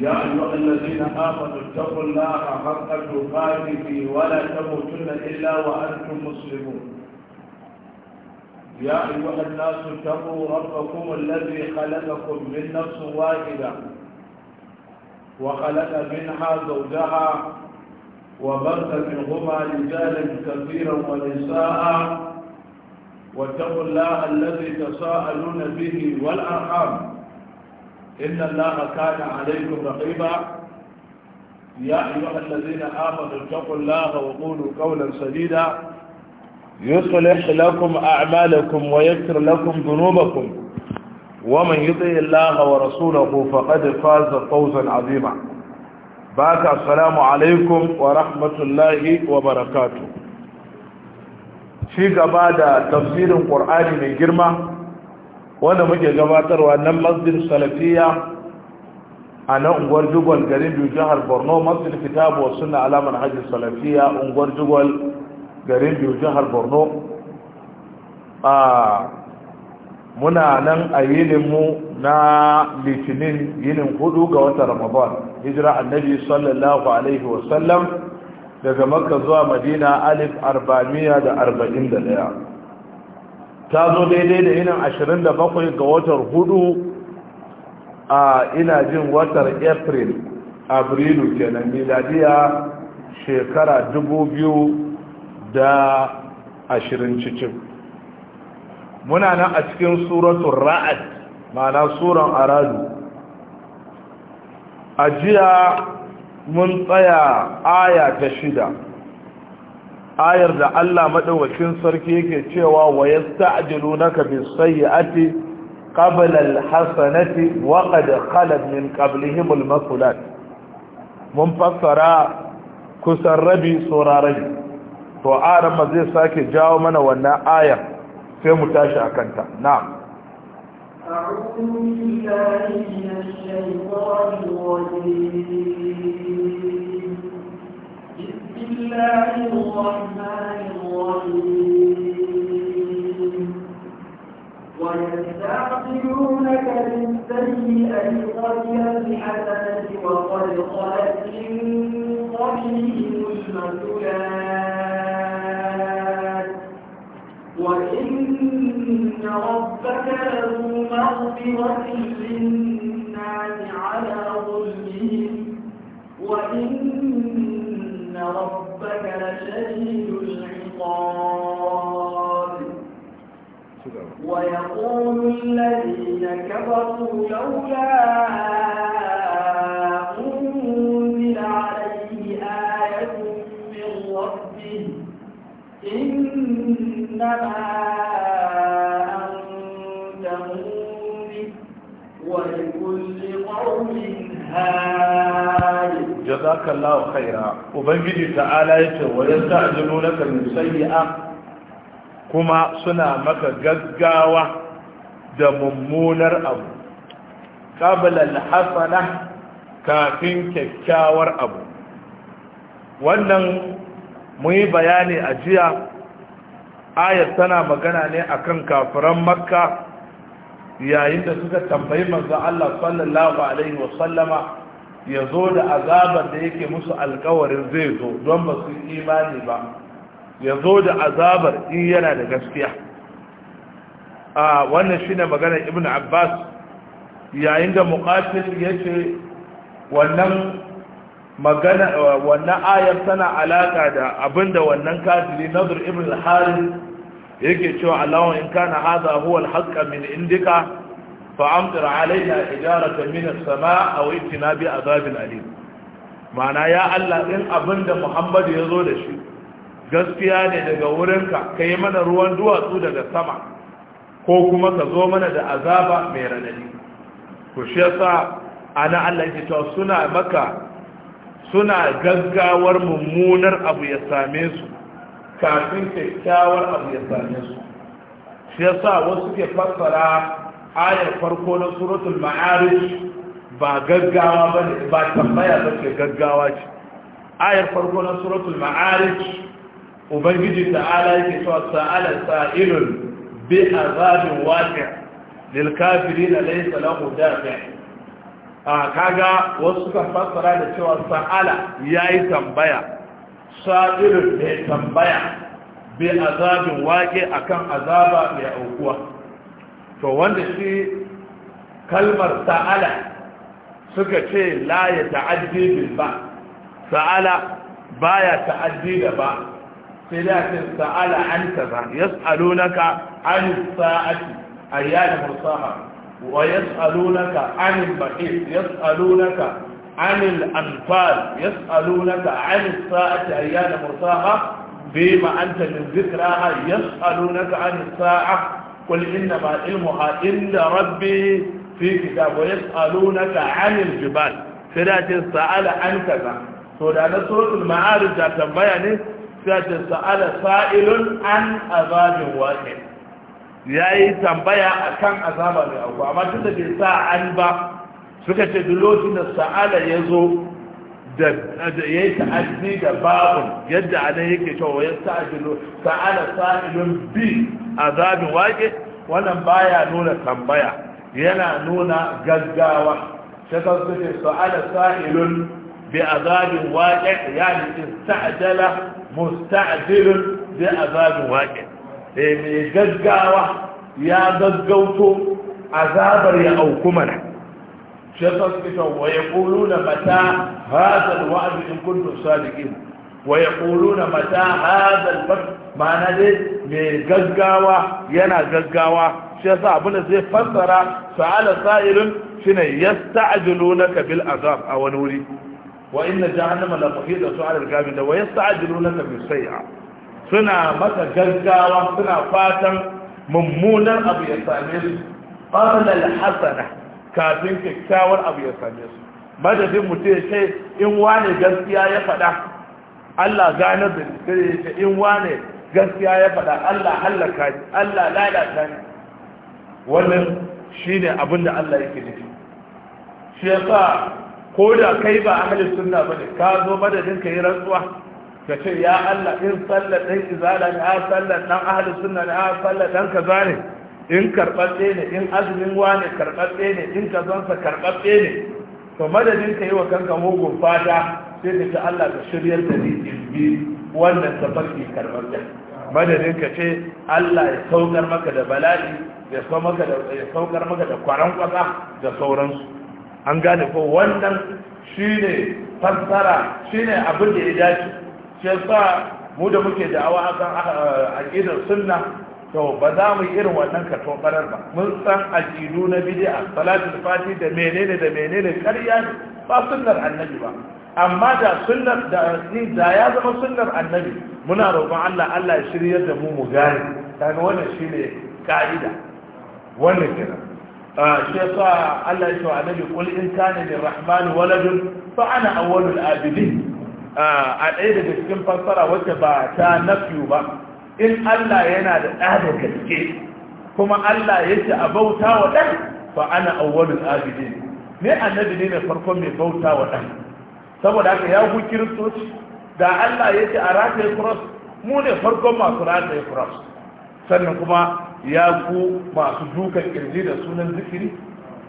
يا أيها الذين آمنوا اتقوا الله حق تقاته ولا تموتن إلا وأنتم مسلمون يا أيها الناس اتقوا ربكم الذي خلقكم من نفس واحدة وخلق منها زوجها وبرز منهما رجالا كثيرا ونساء واتقوا الله الذي تساءلون به والأرحام إن الله كان عليكم رقيبا يا أيها الذين آمنوا اتقوا الله وقولوا قولا سديدا يصلح لكم أعمالكم ويكفر لكم ذنوبكم ومن يطع الله ورسوله فقد فاز فوزا عظيما باك السلام عليكم ورحمة الله وبركاته في قبادة تفسير القرآن من جرمه wanda muke gabatarwa nan masjid salafiya a nan unguwar jugwal garin biyu jihar borno masjid kitabu wasu na alamar hajji salafiya unguwar jugwal garin biyu jihar borno a muna nan a yininmu na litinin yinin hudu ga wata ramadan hijira annabi sallallahu alaihi wasallam daga makka zuwa madina alif arba'amiya da arba'in da daya ta zo daidai da irin ashirin da bakwai ga watar hudu a ina jin watar april abrilu kenan miladiya shekara dubu da ashirin cikin muna nan a cikin suratun ra'ad ma'ana suran aradu a jiya mun tsaya aya ta shida ayar da Allah madaukakin sarki yake cewa wa yasta'jilunaka bis sayyi'ati qabla al hasanati wa qad khalat min qablihim al masulat mun fassara kusan rabi sauraron to arama zai sake jawo mana wannan ayar sai mu tashi akanta na'am أعوذ بالله من الشيطان الرجيم الله الرحمن الرحيم ويستعجلونك بالسيئة قبل الحسنة وقد خلت من قبلهم المثلات وإن ربك له مغفرة للناس على ظلمهم وإن ربك لشديد العقاب ويقول الذين كفروا لولا أنزل عليه آية من ربه إنما لكل قوم هاد جزاك الله خيرا وبنجي تعالى يتو ويستعجلونك بالسيئة كما صنع مك غغاوة da mummunar abu ƙabalar hasana kafin kyakkyawar abu wannan muyi bayani a jiya ayat tana magana ne akan kafuran makka yayin da suka tambayi manzo Allah sallallahu alaihi wa sallama ya zo da azabar da yake musu alkawarin zai zo don ba su imani ba ya zo da azabar in yana da gaskiya a wannan shine magana ibn abbas yayin da muqatil yace wannan magana wannan ayar tana alaka da abinda wannan kafiri nadir ibn al-harith yake cewa Allahun in kana hadha huwa al-haqq min indika fa amtir alaina hijaratan min as-samaa aw itina bi azabin alim ma'ana ya Allah in abinda Muhammad ya zo da shi gaskiya ne daga wurinka kai mana ruwan duwatsu daga sama ko kuma ka zo mana da azaba mai radadi ku shi yasa ana Allah suna maka suna gaggawar mummunar abu ya same su kafin kyakkyawar abu ya same su shi yasa wasu ke fassara ayar farko na suratul ma'arij ba gaggawa ba ne ba tambaya ba ce gaggawa ce ayar farko na suratul ma'arij ubangiji ta'ala yake cewa sa'ala sa'ilun bi azabin waqi' lil kafirin laysa lahu dafi' a kaga wasu ka fassara da cewa sa'ala yayi tambaya sa'irin mai tambaya bi azabin wage akan azaba mai aukuwa to wanda shi kalmar sa'ala suka ce la ya ta'addi bil ba sa'ala baya ta'addi da ba sai da ce sa'ala an kaza yas'alunaka an sa'ati ayyana musaha. wa yas'alunaka an al-baqi yas'alunaka anil anfal yas'alunaka anis sa'ati ayyana mursaha بما أنت من ذكرها يسألونك عن الساعة قل إنما علمها عند ربي في كتاب ويسألونك عن الجبال فلا سأل عن كذا سورة سورة المعارج تنبيني فلا سأل سائل عن عذاب واحد yayi tambaya akan azaba mai abu amma tunda bai sa an ba suka ce duk lokacin da sa'ala ya zo da ya yi ta'addi da babun yadda a nan yake cewa ya sa'adilu sa'ala sa'ilun bi azabin wake wannan baya nuna tambaya yana nuna gaggawa shakar su ce sa'ala sa'ilun bi azabin wake yani ista'jala musta'jilun bi azabin wake eh mai gaggawa ya gaggauto azabar ya auku mana شفقتهم ويقولون متى هذا الوعد إن كنتم صادقين ويقولون متى هذا الفتح ما نجد من قزقاوة ينا قزقاوة شفا أبونا زي فنظرة فعلى سائل شنين يستعجلونك بالأغاب أو نوري وإن جهنم لفحيد أسوال القابلة ويستعجلونك بالسيئة سنة متى قزقاوة سنة فاتم ممونا أبي يسامير قبل الحسنة kafin kyakkyawar abu ya same su madadin mutum ya ce in wane gaskiya ya faɗa Allah gane da sai ya ce in wane gaskiya ya faɗa Allah hallaka ni Allah lalata ni wannan shine abin da Allah yake nufi shi yasa ko da kai ba ahlus sunna bane ka zo madadin ka yi rantsuwa ka ce ya Allah in sallar dan izala ne a sallar dan ahlus sunna ne a sallar dan kaza ne in karɓaɓɓe ne in azumin wane karɓaɓɓe ne in kazansa karɓaɓɓe ne to madadin ka yi wa kanka mugun fata sai ka ta Allah ka shiryar da ni in wannan tafarki karɓaɓɓe madadin ka ce Allah ya saukar maka da bala'i ya saukar maka da kwaran kwasa da sauransu an gane ko wannan shine fassara shine abin da ya dace shi yasa mu da muke da'awa akan aqidar sunna to ba za mu yi irin wannan ka tobarar ba mun san ajidu na bid'a salatul fati da menene da menene ƙarya ba sunnar annabi ba amma da sunnar da ni da ya zama sunnar annabi muna roƙon Allah Allah ya shiryar da mu mu gane kaga wannan shine ka'ida wannan kenan ah, shi sa Allah ya ce wa annabi qul in kana lirrahmani waladun fa ana awwalul abidin ah, a ɗaya daga cikin fassara wacce ba ta nafiyu ba in Allah yana da ɗa da gaske kuma Allah ya ce a bauta wa ɗan fa ana awwalul abidin ne annabi ne mai farkon mai bauta wa ɗan saboda haka ya ku kiristoci da Allah ya ce a rataye cross mu ne farkon masu rataye cross sannan kuma ya ku masu dukan kirji da sunan zikiri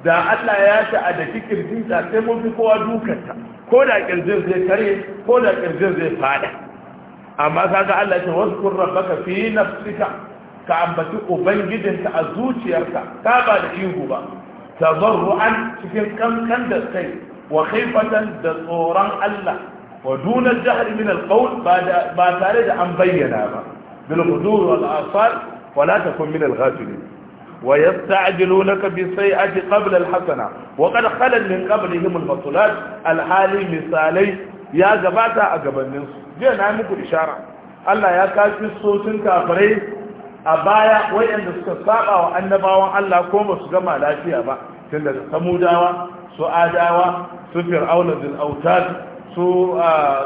da Allah ya ce a da kirjinta sai mun fi kowa dukanta ko da kirjin zai karye, ko da kirjin zai fada amma kaga Allah ya ce waskur rabbaka fi nafsika ka ambaci ubangijinka a zuciyarka Ta ba da ihu ba tazarru'an cikin kankan da kai wa khifatan da tsoron Allah wa duna al-jahr min al ba tare da an bayyana ba bil hudur wal asal wa la takun min al-ghafilin wa yasta'jilunaka bi sayyi'ati qabla al wa qad khalan min qablihim al-masulat misalai ya gabata a gabaninsu jiya na muku ishara Allah ya kafi sosin kafirai a baya wayanda suka saba wa annabawan Allah ko ba su gama lafiya ba tun daga samudawa su adawa su fir'auna bil autad su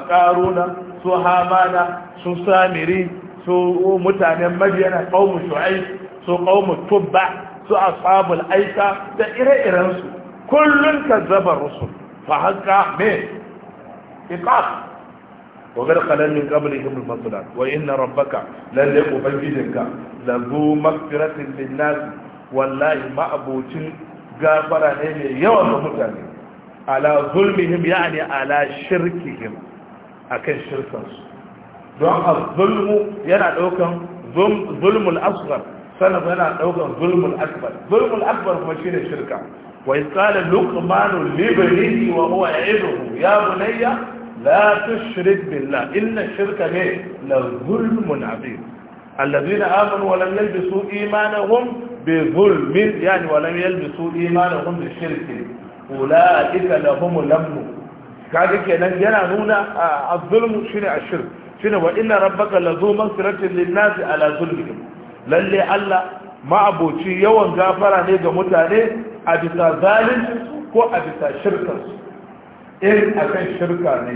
karuna su hamana su samiri su mutanen madiyana qaumu shu'aib su qaumu tubba su ashabul aika da ire-irensu ka kazzabar rusul fa haka me iqab wa gar qalan min qablihim wa inna rabbaka la zu lin-nas wallahi gafara ne mai yawa ga mutane ala zulmihim yani ala shirkihim akan don az-zulmu yana daukan zulmul asghar sanan yana daukan zulmul akbar zulmul akbar kuma shine shirka وإذ قال la tushrik billah inna shirka ne la zulmun الذين آمنوا ولم يلبسوا إيمانهم بظلم يعني ولم يلبسوا إيمانهم بالشرك أولئك لهم الأمن kaga kenan yana nuna az-zulm shine ashir shine wa inna rabbaka lazu maghfiratin lin-nasi ala zulmihim lalle Allah ma'aboci yawan gafara ne ga mutane a bisa zalunci ko a bisa shirkansu in akan shirka ne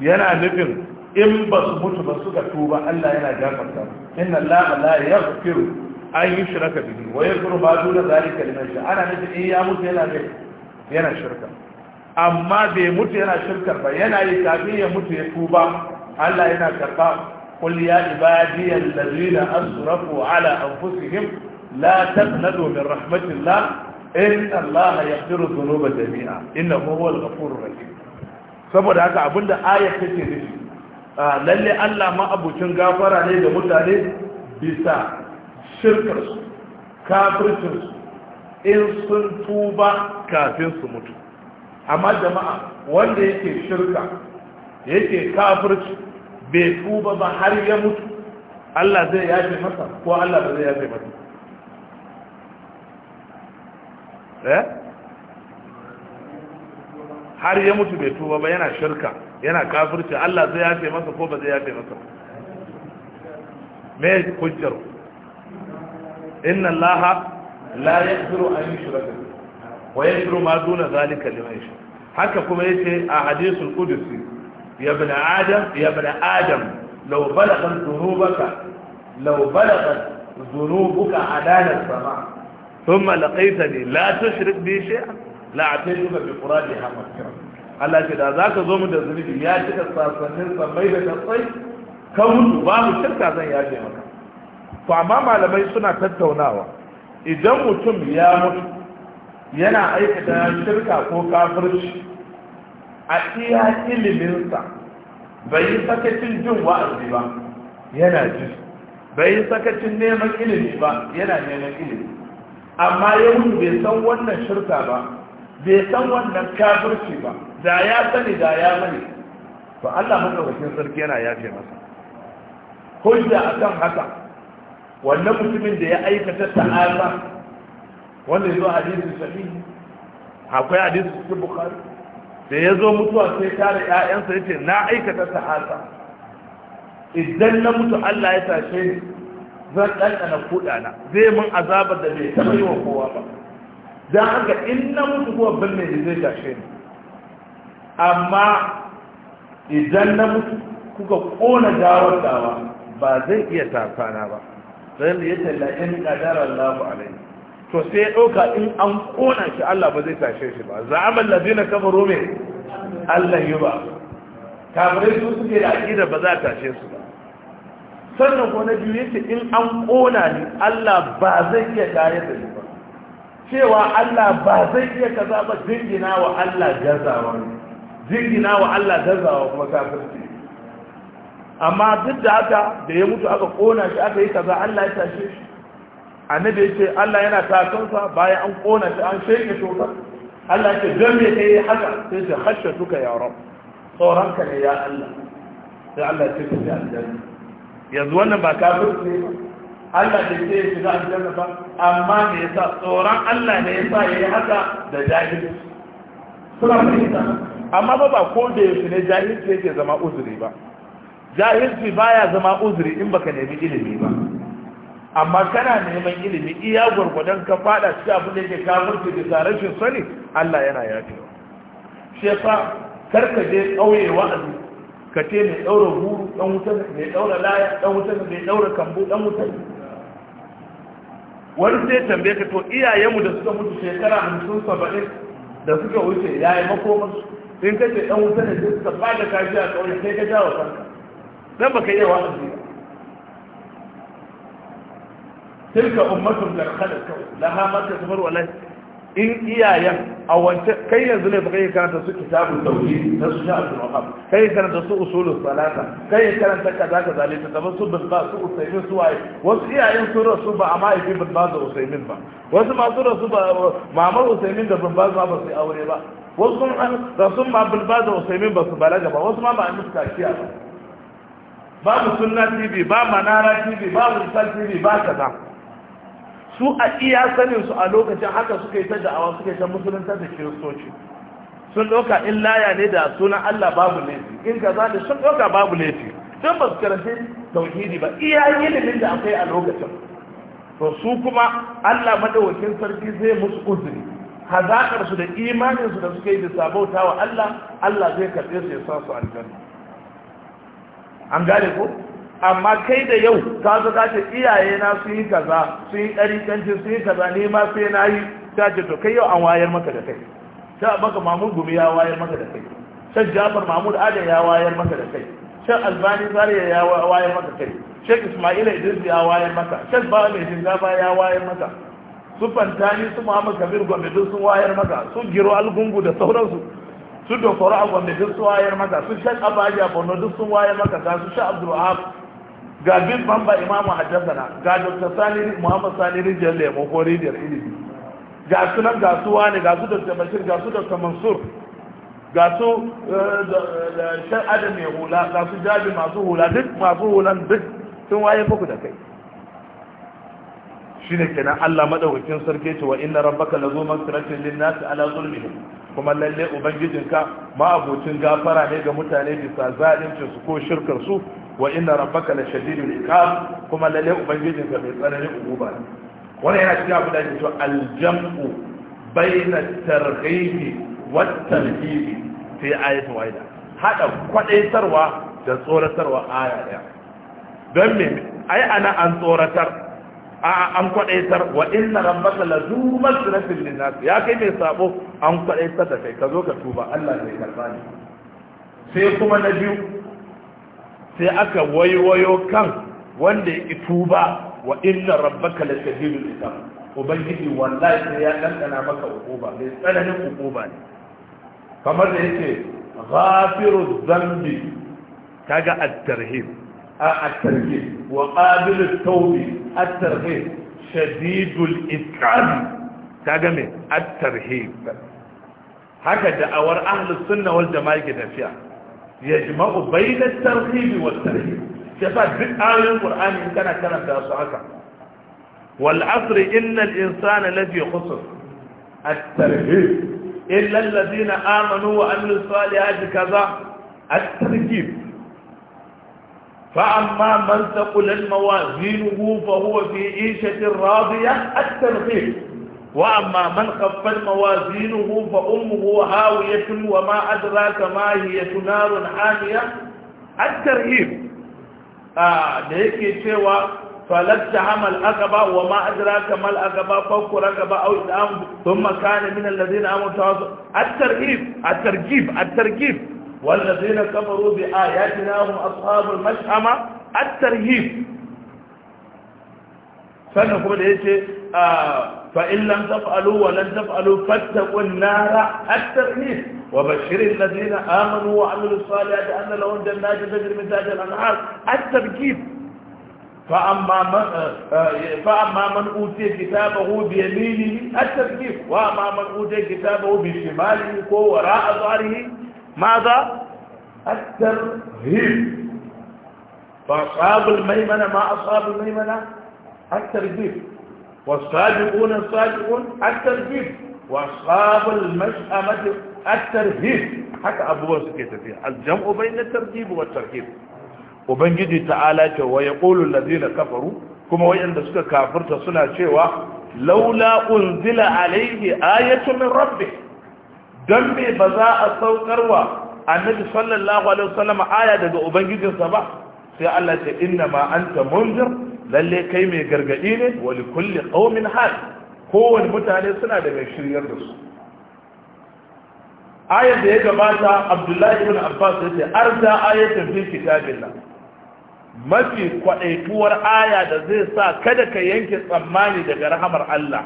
yana nufin in ba su mutu ba suka tuba Allah yana gafarta inna Allah la yaghfiru an yushraka bihi wa yaghfiru ma da zalika liman sha ana nufin in ya mutu yana ne yana shirka amma bai mutu yana shirka ba yana yi kafin ya mutu ya tuba Allah yana karba قل ya ibadi allazina asrafu ala anfusihim la تقنطوا min rahmatillah inna Allah ya firu zunuba jami'a inna huwa al-ghafurur rahim saboda haka abinda ayat take nufi lalle Allah ma abucin gafara ne da mutane bisa shirkar su kafircin su in sun tuba kafin su mutu amma jama'a wanda yake shirka yake kafirci bai tuba ba har ya mutu Allah zai yafe masa ko Allah ba zai yafe masa eh har ya mutu bai tuba ba yana shirka yana kafirci Allah zai yafe masa ko ba zai yafe masa me hujjar inna Allah la yaghfiru an yushraka wa yaghfiru ma duna zalika liman yasha haka kuma yace a hadisul qudsi ya ibn adam ya ibn adam law balagha dhunubaka law balagha dhunubuka adana sama ثم لقيتني لا تشرك بي شيئا لا اعتذر بقرانها مغفرة Allah ce da za ka zo mu da zunubi ya cika sasannin sammai da tasai ka mutu babu shirka zan yafe maka malamai suna tattaunawa idan mutum ya mutu yana shirka ko kafirci a iya iliminsa bai yi sakacin jin wa'azi ba yana ji bai yi sakacin neman ilimi ba yana neman ilimi amma ya bai san wannan shirka ba bai san wannan kafirci ba da ya sani da ya sani to Allah madaukakin sarki yana yafe masa hujja akan haka wannan mutumin da ya aikata ta'ala wanda yazo hadisi sahihi akwai hadisi cikin bukhari da ya zo mutuwa sai tare ƴaƴansa yace na aikata ta'ala idan na mutu Allah ya tashe ni zan ɗanɗana kuɗa na zai mun azabar da bai taɓa yi wa kowa ba don haka in na mutu kuwa birnin da zai tashe ni amma idan na mutu kuka ƙona dawar dawa ba zai iya tafana ba don da ya tella in ƙadarar a rai to sai ɗauka in an ƙona shi Allah ba zai tashe shi ba za a mallabi na kama rome Allah yi ba kafirai su suke da aƙidar ba za a tashe su ba sannan ko na biyu yace in an kona ni Allah ba zai iya kare ta ba cewa Allah ba zai iya kaza ba jingina wa Allah gazawa jingina wa Allah gazawa kuma kafirci amma duk da haka da ya mutu aka ƙona shi aka yi kaza Allah ya tashe shi annabi ce Allah yana takansa bayan an ƙona shi an sheke toka Allah ya ce don me yi haka sai ce hashe suka ya rab tsoron ne ya Allah sai Allah ya ce ka ji aljanna yanzu wannan ba kafirci ne Allah da ke shiga aljanna ba amma me yasa tsoron Allah ne ya yi haka da jahilci suna fahimta amma ba ba ko da yake ne jahilci ke zama uzuri ba ba ya zama uzuri in baka nemi ilimi ba amma kana neman ilimi iya gwargwadon ka fada cikin abin da yake kafirci da rashin sani Allah yana yafewa shi kar karka je kauye wa'azi ka ce mai ɗaura buru, ɗan wutar mai ɗaura laya ɗan wutar mai ɗaura kambu ɗan wutar wani sai tambaye ka to iyayenmu da suka mutu shekara hamsin da suka wuce ya yi makomarsu in ka ce ɗan wutar da suka ba da kaji a ƙauye sai ka jawo ka dan baka iya wa ba tilka ummatun khalaqa laha ma kasabar wallahi in iyayen a wancan kai yanzu ne baka yi karanta su kitabun tauhid na su sha abu wahab kai karanta su usulul salata kai karanta kaza ka zalita da su bin ba su usaimin su waye wasu iyayen su rasu ba amma ibi bin ba da usaimin ba wasu ma su rasu ba mamar usaimin da bin ba su ba su aure ba wasu rasu ma bin ba da usaimin ba su balaga ba wasu ma ba a musu kaciya ba babu sunna tv ba manara tv ba sal tv ba kaza su a iya sanin su a lokacin haka suka yi ta da'awa suka yi ta musulunta da kiristoci sun ɗauka in laya ne da sunan Allah babu laifi in kaza da sun ɗauka babu laifi don ba su karanci tauhidi ba iya ilimin da akwai a lokacin to su kuma Allah madawakin sarki zai musu uzuri hazakar su da imanin su da suka yi da sabauta wa Allah Allah zai karɓe su ya sa su aljanna an gane ko amma kai da yau ka zo ka ce iyaye na sun yi kaza sun yi kanci sun yi kaza ne ma sai na yi ta ce to kai yau an wayar maka da kai ta abaka mamud gumi ya wayar maka da kai shan jafar mahmud adam ya wayar maka da kai shan albani zariya ya wayar maka kai shan ismaila idris ya wayar maka shan ba mai shinkafa ya wayar maka su fantani su muhammad kabir gombe duk sun wayar maka su giro algungu da sauransu su dokoro a gombe duk sun wayar maka su shan abaji a borno duk sun wayar maka su shan abdulwahab ga bin bamba imamu haddasana ga dr saliri muhammad saliri jalle mu ko da ilimi ga su nan ga su wani ga su dr bashir ga su dr mansur ga su eh, shan adam mai hula ga su jabi masu hula duk masu hulan duk sun waye fuku da kai shine kenan Allah madaukakin sarki ce wa inna rabbaka lazu maghfiratin linnas ala zulmihim kuma lalle ubangijinka ma abocin gafara ne ga mutane bisa zalincin su ko shirkar su wa inna rabbaka la shadidul iqab kuma lalle ubangijin ka mai tsananin uguba ne wannan yana cikin abu da yake cewa aljam'u bayna targhibi wa tarhibi fi ayatin wahida hada kwadaitarwa da tsoratarwa aya daya don me ai ana an tsoratar an kwadaitar wa inna rabbaka la zu masrafin linnas ya kai mai sabo an kwadaitar da kai ka zo ka tuba Allah zai karba ne sai kuma na biyu sai aka waiwayo kan wanda ya tuba wa inna rabbaka la shadidul iqab ubangiji wallahi sai ya dandana maka ukuba mai tsananin ukuba ne kamar da yake ghafiru dhanbi kaga at-tarhib a at-tarhib wa qabilu at-tawbi at-tarhib shadidul iqab kaga me at-tarhib haka da'awar ahlus sunna wal jama'a ke tafiya يجمع بين الترغيب والترهيب شفاء في آية القرآن إن كان كلام بأصحابك والعصر إن الإنسان الذي يخصر الترهيب إلا الذين آمنوا وأمنوا الصالحات كذا الترهيب فأما من تقل موازينه فهو في عيشة راضية الترهيب وأما من خفت موازينه فأمه هاوية وما أدراك ما هي نار حامية الترهيب آه، لذلك سوى فلك تحمل الأقبة وما أدراك ما الأقبة فوق رقبة أو إدام ثم كان من الذين آمنوا التواصل الترهيب الترجيب الترجيب والذين كفروا بآياتنا هم أصحاب المشأمة الترهيب sannan kuma da yace fa in lam taf'alu wa lan taf'alu fattaqun nara at-tarhib wa bashiril ladina amanu wa amilus salihati anna lahum jannatin tajri min tahtiha al-anhar at-tarhib فأما من, فأما من أوتي كتابه بيمينه التكليف وأما من أوتي كتابه بشماله وراء ظهره ماذا؟ الترهيب فأصحاب الميمنة ما أصحاب الميمنة الترجيب والصادقون الصادقون الترجيب وأصحاب المشأمة الترهيب حتى أبوه سكيت فيها الجمع بين الترجيب والترهيب وبنجدي تعالى ويقول الذين كفروا كما وين سكا كافرت سنة شيوا لولا أنزل عليه آية من ربه دمي بزاء السوكروا النبي صلى الله عليه وسلم آية دقى أبنجدي صباح سيألت إنما أنت منذر lalle kai mai gargadi ne wani kulle ƙaumin qaumin hal kowane mutane suna da mai shiryar da su ayar da ya gabata abdullahi ibn abbas ya ce arda ayatan fi nan. mafi kwaɗaituwar aya da zai sa kada ka yanke tsammani daga rahamar Allah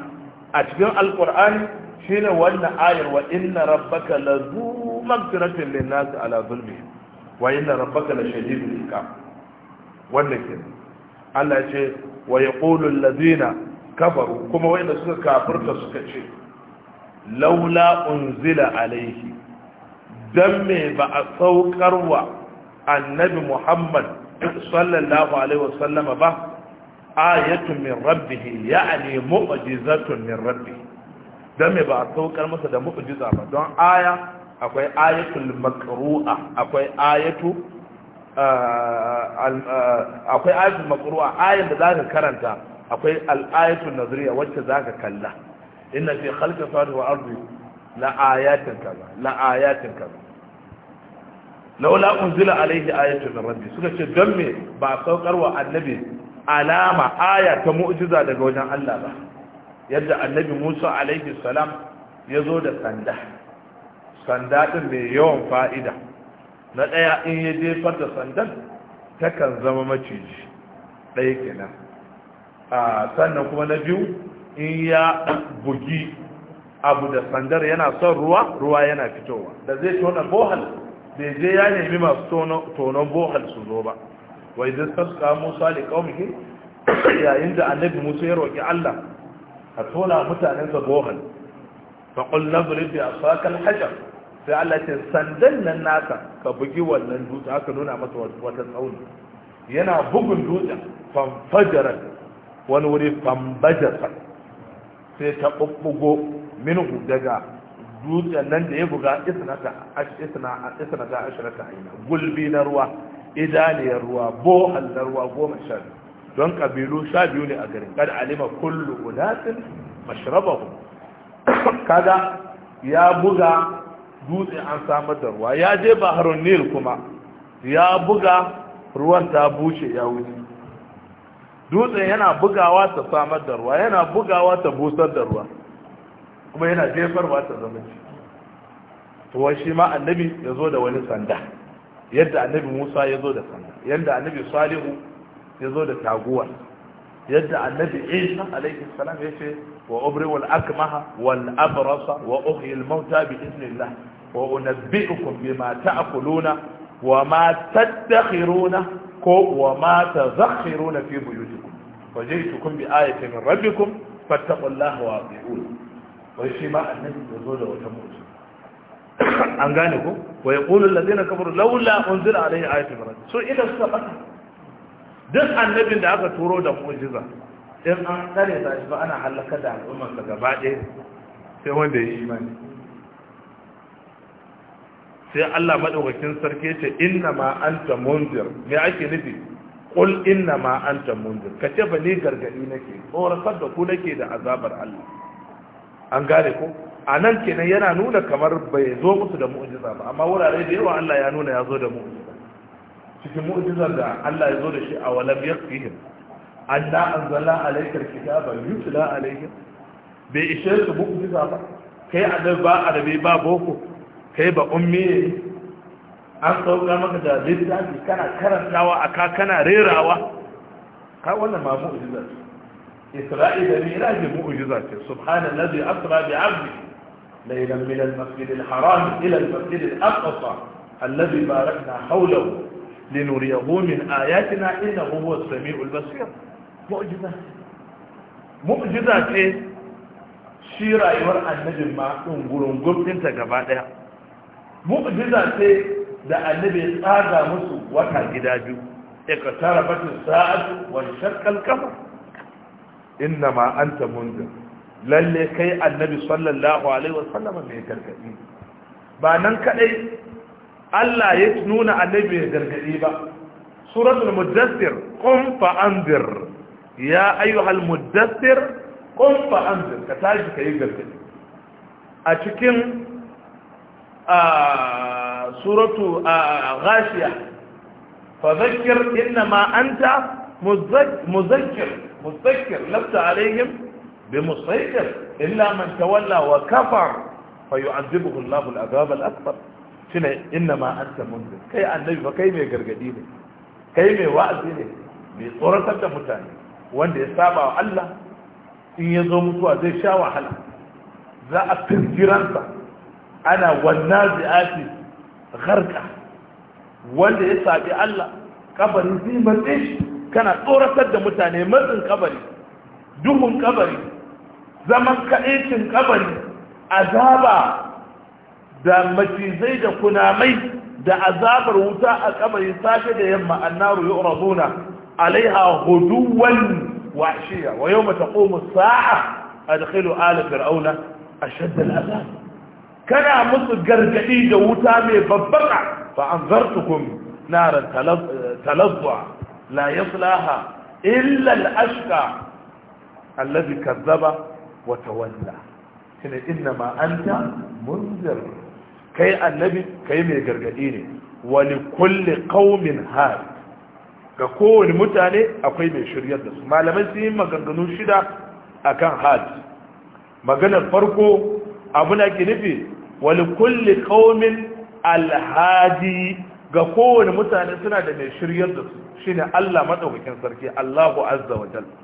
a cikin alqur'ani shine wannan ayar wa inna rabbaka lazu magfiratin lin nas ala zulmihim wa inna rabbaka lashadidul iqab wannan kenan Allah ce wa yaqulu allazina kafaru kuma wanda suka kafirta suka ce laula unzila alaihi dan me ba a saukarwa annabi Muhammad sallallahu alaihi wasallama ba ayatun min rabbih ya'ni mu'jizatun min rabbi dan me ba a saukar masa da mu'jiza ba don aya akwai ayatul makru'a akwai ayatu akwai ayatul makruwa ayin da zaka karanta akwai al-ayatul nazariya wacce zaka kalla inna fi khalqi samawati wal ardi la ayatin kaza la ayatin kaza laula unzila alayhi ayatu rabbi suka ce don me ba saukar wa annabi alama aya ta mu'jiza daga wajen Allah ba yadda annabi Musa alayhi salam ya zo da sanda sanda din mai yawan fa'ida na ɗaya in ya jefar da sandan takan zama maciji ɗaya kenan a sannan kuma na biyu in ya bugi abu da sandar yana son ruwa ruwa yana fitowa da zai tona bohal bai je ya nemi masu tonon bohal su zo ba wai zai sassa musa da kaumiki yayin da annabi musa ya roƙi allah a tona mutanensa bohal faƙul na buribi a sakal hajar sai Allah ce sandan nan naka ka bugi wannan dutse aka nuna masa wata tsauni yana bugun dutsen famfajarar wani wuri fambajarar sai ta ɓuɓɓugo minhu daga dutsen nan da ya buga isnata ashirata aina gulbi na ruwa idaniyar ruwa bohal na ruwa goma sha don kabilu sha biyu ne a garin kada alima kullu unasin mashrabahu Kada ya buga dutse an samar da ruwa ya je baharon nil kuma ya buga ruwan ta bushe ya wuce dutse yana bugawa ta samar da ruwa yana bugawa ta busar da ruwa kuma yana jefarwa ta zama to tuwa shi ma annabi ya zo da wani sanda yadda annabi musa ya zo da sanda yadda annabi salihu ya zo da taguwa yadda annabi isa alaihi salam ya ce wa ubri wal akmaha wal abrasa wa ukhil mauta bi idnillah wa unabbi'ukum bima ta'kuluna wa ma tadakhiruna ko wa ma tazakhiruna fi buyutikum wajaytukum bi ayatin min rabbikum fattaqullaha wa ati'un wai shi ma annabi da zo da wata mutu an gane ko wa yaqulu alladhina kafaru laula unzila alayhi ayatun min rabbikum so idan sabata duk annabin da aka turo da mu'jiza in an tsare ta shi ba ana halaka da al'ummar gaba ɗaya sai wanda ya yi imani sai Allah madaukakin sarki ce inna ma anta munzir me ake nufi qul inna ma anta munzir ka ce ba ni gargadi nake tsoratar da ku nake da azabar Allah an gane ko a nan kenan yana nuna kamar bai zo musu da mu'jiza ba amma wurare da yawa Allah ya nuna ya zo da mu'jiza cikin mu'jizar da Allah ya zo da shi a walam yaqihim anna anzala alayka alkitaba yutla alayhim bai ishe su mu'jiza ba kai annabi ba adabi ba boko kaiba ba ummi an sauka maka da littafi kana karantawa a ka kana rerawa ka wannan ma mu'jiza ce isra'i da miraji mu'jiza ce subhanallazi asra bi 'abdi laylan min al-masjid al-haram ila al-masjid al-aqsa alladhi barakna hawlahu linuriyahu min ayatina innahu huwa as-sami'u al-basir mu'jiza mu'jiza ce shi rayuwar annabin ma ɗin gurin gurfinta gaba daya mu'jiza ce da annabi ya tsaga musu wata gida biyu ikatara batin sa'atu wa shakkal kafa inna ma ta munzir lalle kai annabi sallallahu alaihi wa sallam mai gargadi ba nan kadai Allah ya nuna annabi mai gargadi ba suratul mudaththir qum fa anzir ya ayyuhal mudaththir qum fa anzir ka tashi yi gargadi a cikin suratu ghashiya fadhakkir innama anta muzakkir muzakkir lafta alaihim بمسيطر إلا من تولى وكفر فيعذبه الله العذاب الأكبر شنو إنما أنت منذر كي النبي فكي مي غرغديني كي مي وعزيني مي صورتك متاني wanda ya saba wa Allah in ya zo mutuwa zai sha wahala za a firgiransa ana wannan zi'ati garka wanda ya sabi Allah kabari zai matse kana tsoratar da mutane matsin kabari duhun kabari zaman kaɗaicin kabari azaba da macizai da kunamai da azabar wuta a kabari safe da yamma annaru yu'raduna alaiha huduwan wa ashiya wa yawma taqumu as-sa'a adkhilu ala fir'auna a al-azab kana musu gargadi da wuta mai babbaka fa anzartukum naran talazza la yaslaha illa al-ashqa kazzaba wa tawalla shine inna ma ta munzir kai annabi kai mai gargadi ne Wani kulle ƙaumin qaumin had ga kowane mutane akwai mai shiryar da su malamai sun yi maganganu shida akan had maganar farko abin ake nufi wali kulli qaumin alhaji ga kowane mutane suna da mai shiryar da su shine Allah madaukakin sarki Allahu azza wa jalla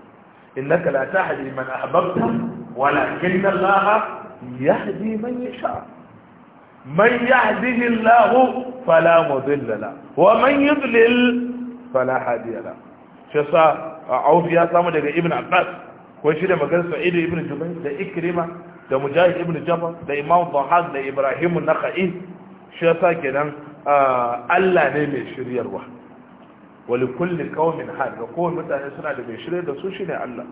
innaka la tahdi man ahbabta walakin Allah yahdi man man yasha من يهده الله فلا wa man ومن يضلل فلا هادي له a عوف ya سامو daga ibn abbas ko shi da maganar sa'id ibn jubair da ikrima da mujahid ibn jabal da imam dhahab da ibrahim an-nakhai shi sake nan Allah ne mai shiryarwa wali kulli qaumin hal ga kowane mutane suna da mai shirya da su shine Allah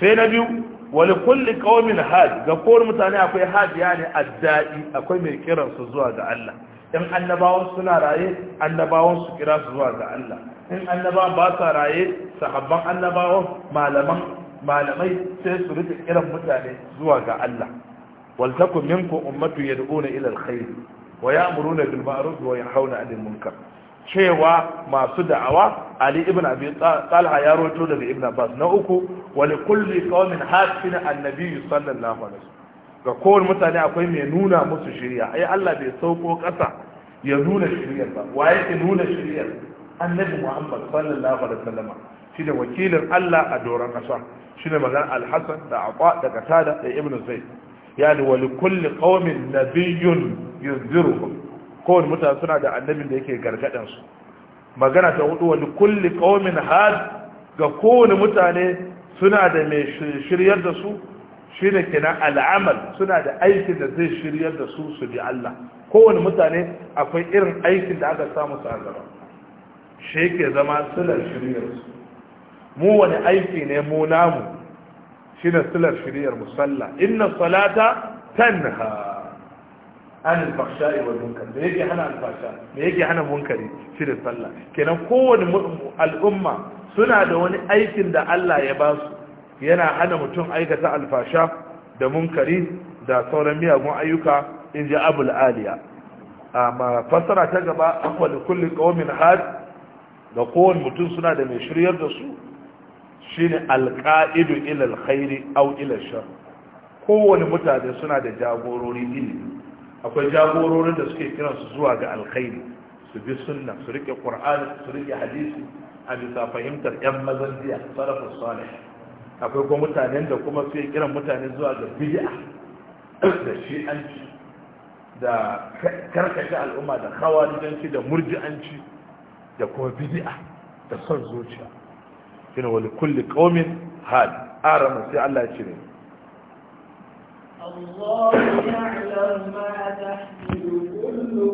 sai na biyu wali kulli qaumin hal ga kowane mutane akwai hal ne? addai akwai mai kiran su zuwa ga Allah in annabawan suna raye annabawan su kira su zuwa ga Allah in annabawan ba sa raye sahabban annabawan malaman malamai sai su rika kiran mutane zuwa ga Allah wal takum minkum ummatu yad'una ila alkhair wa ya'muruna bil ma'ruf wa yanhauna 'anil munkar cewa masu da'awa Ali ibn Abi Talha ya roto daga Ibn Abbas na uku wa li kulli qaumin hasina annabi sallallahu alaihi wasallam ga kowane mutane akwai mai nuna musu shirya ai Allah bai sauko kasa ya nuna shiryar ba waye ke nuna shiryar annabi Muhammad sallallahu alaihi wasallam shi ne wakilin Allah a doron ƙasa shi ne magana alhassan da akwa da katada da ibn zaid yani wali kulli qaumin nabiyyun yunziruhum kowane mutane suna da annabin da yake gargadan su magana ta hudu wali kulli qaumin had ga kowane mutane suna da mai shiryar da su shi ne kenan al'amal suna da aikin da zai shiryar da su su bi Allah kowane mutane akwai irin aikin da aka samu su a gaba shi ke zama silar shiryar su mu wani aiki ne mu namu shine silar shiriyar musalla inna salata tanha an alfahsha'i wal munkar me yake hana alfasha? me yake hana munkari shine sallah kenan kowane al'umma suna da wani aikin da Allah ya ba su yana hana mutum aikata alfasha da munkari da sauran miyagun ayyuka in ji abul aliya amma fasara ta gaba akwai kulli qaumin had da kowane mutum suna da mai shiryar da su shine alqa'idu ila alkhairi aw ila shar kowane mutane suna da jagorori ilimi akwai jagororin da suke kiran su zuwa ga alkhairi su bi sunna su rike qur'ani su rike hadisi a bisa fahimtar yan biya, sarrafa salih akwai kuma da kuma suke kiran mutane zuwa ga bid'a da shi'anci da karkashe al'umma da khawarijanci da murji'anci da kuma bid'a da son zuciya shine wa likulli qaumin hal aram sai Allah ya ce ne Allah ya'lamu ma tahmilu kullu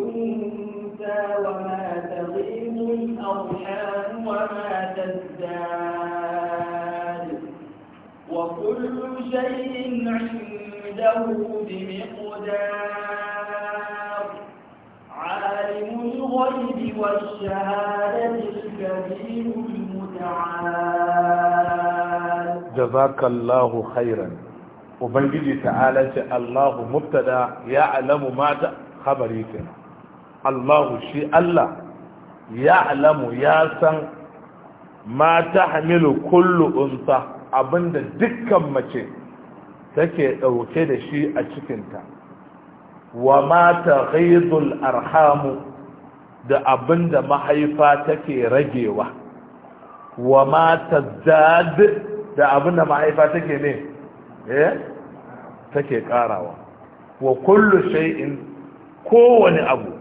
jazakallahu khairan ubangiji ta'ala ce allahu mubtada ya alamu mata khabari kenan allahu shi allah ya alamu ya san ma ta hamilu kullu unsa abinda dukkan mace take dauke da shi a cikinta wa ma ta ghaidul arhamu da abinda mahaifa take ragewa wa ma tazdad da abinda ma'aifa take ne eh take karawa wa kullu shay'in kowani abu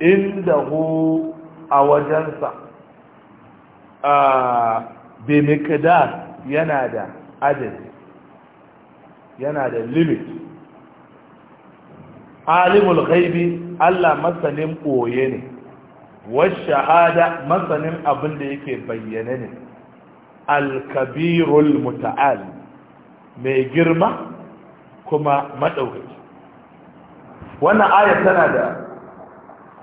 Inda hu a wajensa a yana da adadi yana da limit alimul ghaibi Allah masanin koye ne shahada masanin abin da yake bayyana ne al-kabirul muta'al mai girma kuma madaukaki wannan aya tana da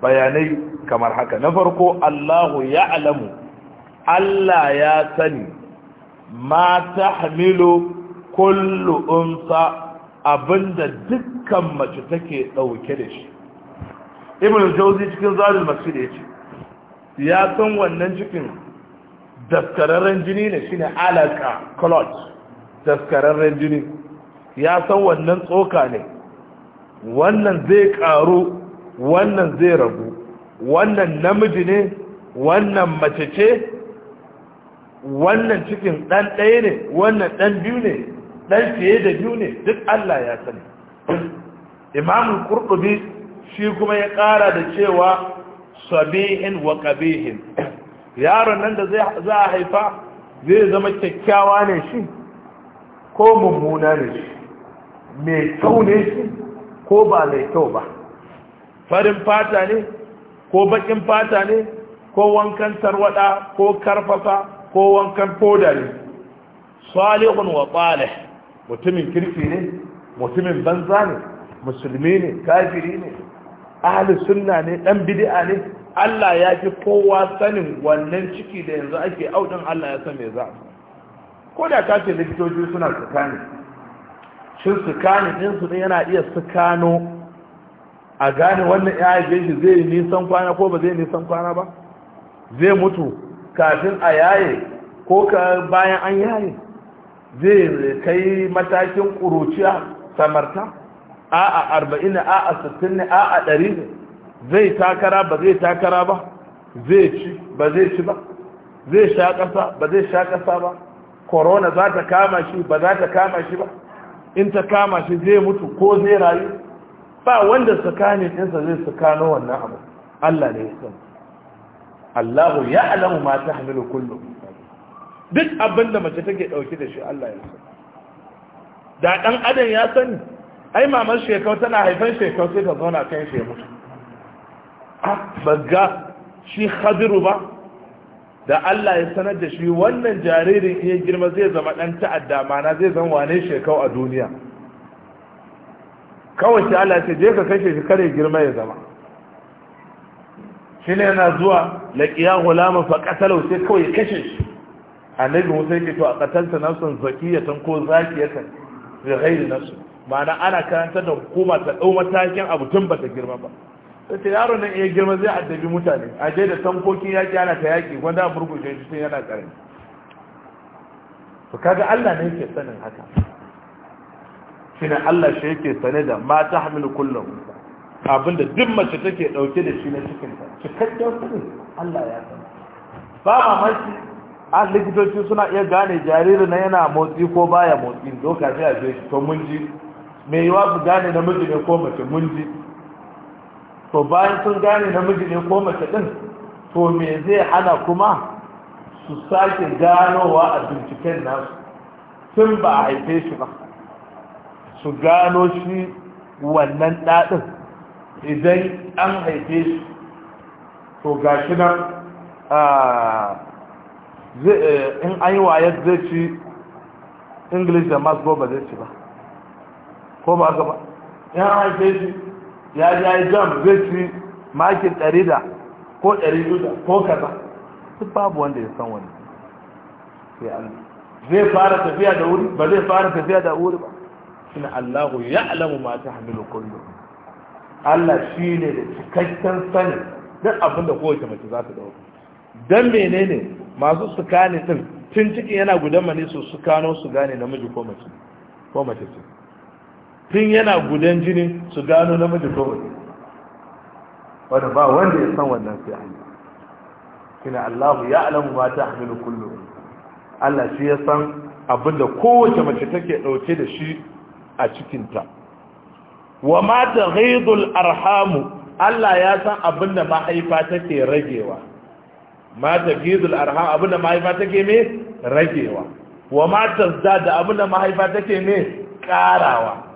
bayanai kamar haka na farko allahu ya alamu allah ya sani ma ta kullu unsa abinda dukkan mace take dauke da shi ibnu jawzi cikin zalil masjid ya ya san wannan cikin daskararren jini ne shi ne alaka clot daskararren jini ya san wannan tsoka ne wannan zai karu wannan zai ragu wannan namiji ne wannan mace ce wannan cikin ɗan ɗaya ne wannan ɗan biyu ne ɗan fiye da biyu ne duk Allah ya sani imamun kurɗubi shi kuma ya ƙara da cewa sabihin wa qabihin yaron nan da za a haifa zai zama kyakkyawa ne shi ko mummuna ne shi mai kyau ne shi ko ba mai kyau ba farin fata ne ko bakin fata ne ko wankan tarwada ko karfafa ko wankan foda ne salihun wa salih mutumin kirki ne mutumin banza ne musulmi ne kafiri ne ahli sunna ne dan bid'a ne Allah ya fi kowa sanin wannan ciki da yanzu ake auɗin, Allah ya san me za ko da ka ce likitoci suna tsakani shin tsakani ɗin su yana iya tsakano a gane wannan ya haife shi zai nisan kwana ko ba zai nisan kwana ba zai mutu kafin a yaye ko ka bayan an yaye zai kai matakin ƙuruciya samarta a a arba'in a a sittin ne a a ɗari ne zai takara ba zai takara ba zai ci ba zai ci ba zai sha ƙasa ba zai sha ƙasa ba corona za ta kama shi ba za ta kama shi ba in ta kama shi zai mutu ko zai rayu ba wanda tsakanin ɗinsa zai tsakano wannan abu Allah ne ya san Allahu ya alamu ma ta hamilu kullum duk abin da mace take ɗauki da shi Allah ya san da ɗan adam ya sani ai mamar shekau tana haifan shekau sai ta zauna kan shi ya mutu abaga shi khadiru ba da Allah ya sanar da shi wannan jaririn iya girma zai zama dan ta'adda mana zai zama wane shekau a duniya kawai shi Allah ce je ka kashe shi kare girma ya zama shi ne yana zuwa laƙiya hulama fa sai kawai ya kashe shi annabi Musa yake to a na nafsan zakiyatan ko zakiyatan bi ghairi su ma'ana ana karantar da hukuma ta dau matakin abu tun bata girma ba sai yaro nan ya girma zai addabi mutane a je da tankokin yaki ana ta yaki wanda a burgushe shi tun yana karami su kaga Allah ne yake sanin haka ne Allah shi yake sane da ma tahmilu kullum abinda duk mace take dauke da shi na cikin ta cikakken sani Allah ya sani ba mamaki a likitoci suna iya gane jariri na yana motsi ko baya motsi doka sai a je to mun ji me yiwa su gane namiji ne ko mace mun ji to bayan sun gane namiji ne ko mace din to me zai hana kuma su sake ganowa a binciken nasu tun ba a haife shi ba su gano shi wannan ɗaɗin idan an haife shi to gashi nan e, in an yi wayar zai ci english da maths ba zai ci ba ko ba gaba in an haife shi ya ji yi jam zai ci makin ɗari da ko ɗari da ko kaza duk babu wanda ya san wani sai an zai fara tafiya da wuri ba zai fara tafiya da wuri ba shi Allahu ya alamu ma ta hamilu kullum Allah shi ne da cikakken sani duk abin da kowace mace za ta dauka dan menene masu sukani din tun cikin yana gudan mani su sukano su gane namiji ko mace ko mace ce tun yana gudan jini su gano namiji ko wani wanda ba wanda ya san wannan sai yi? kina Allahu ya alamu ma ta hamilu kullu Allah shi ya san abinda kowace mace take dauke da shi a cikinta wa ma ta ghaidul arhamu Allah ya san abinda mahaifa take ragewa ma ta ghaidul arham abinda mahaifa take me ragewa wa ma zada abinda mahaifa take me karawa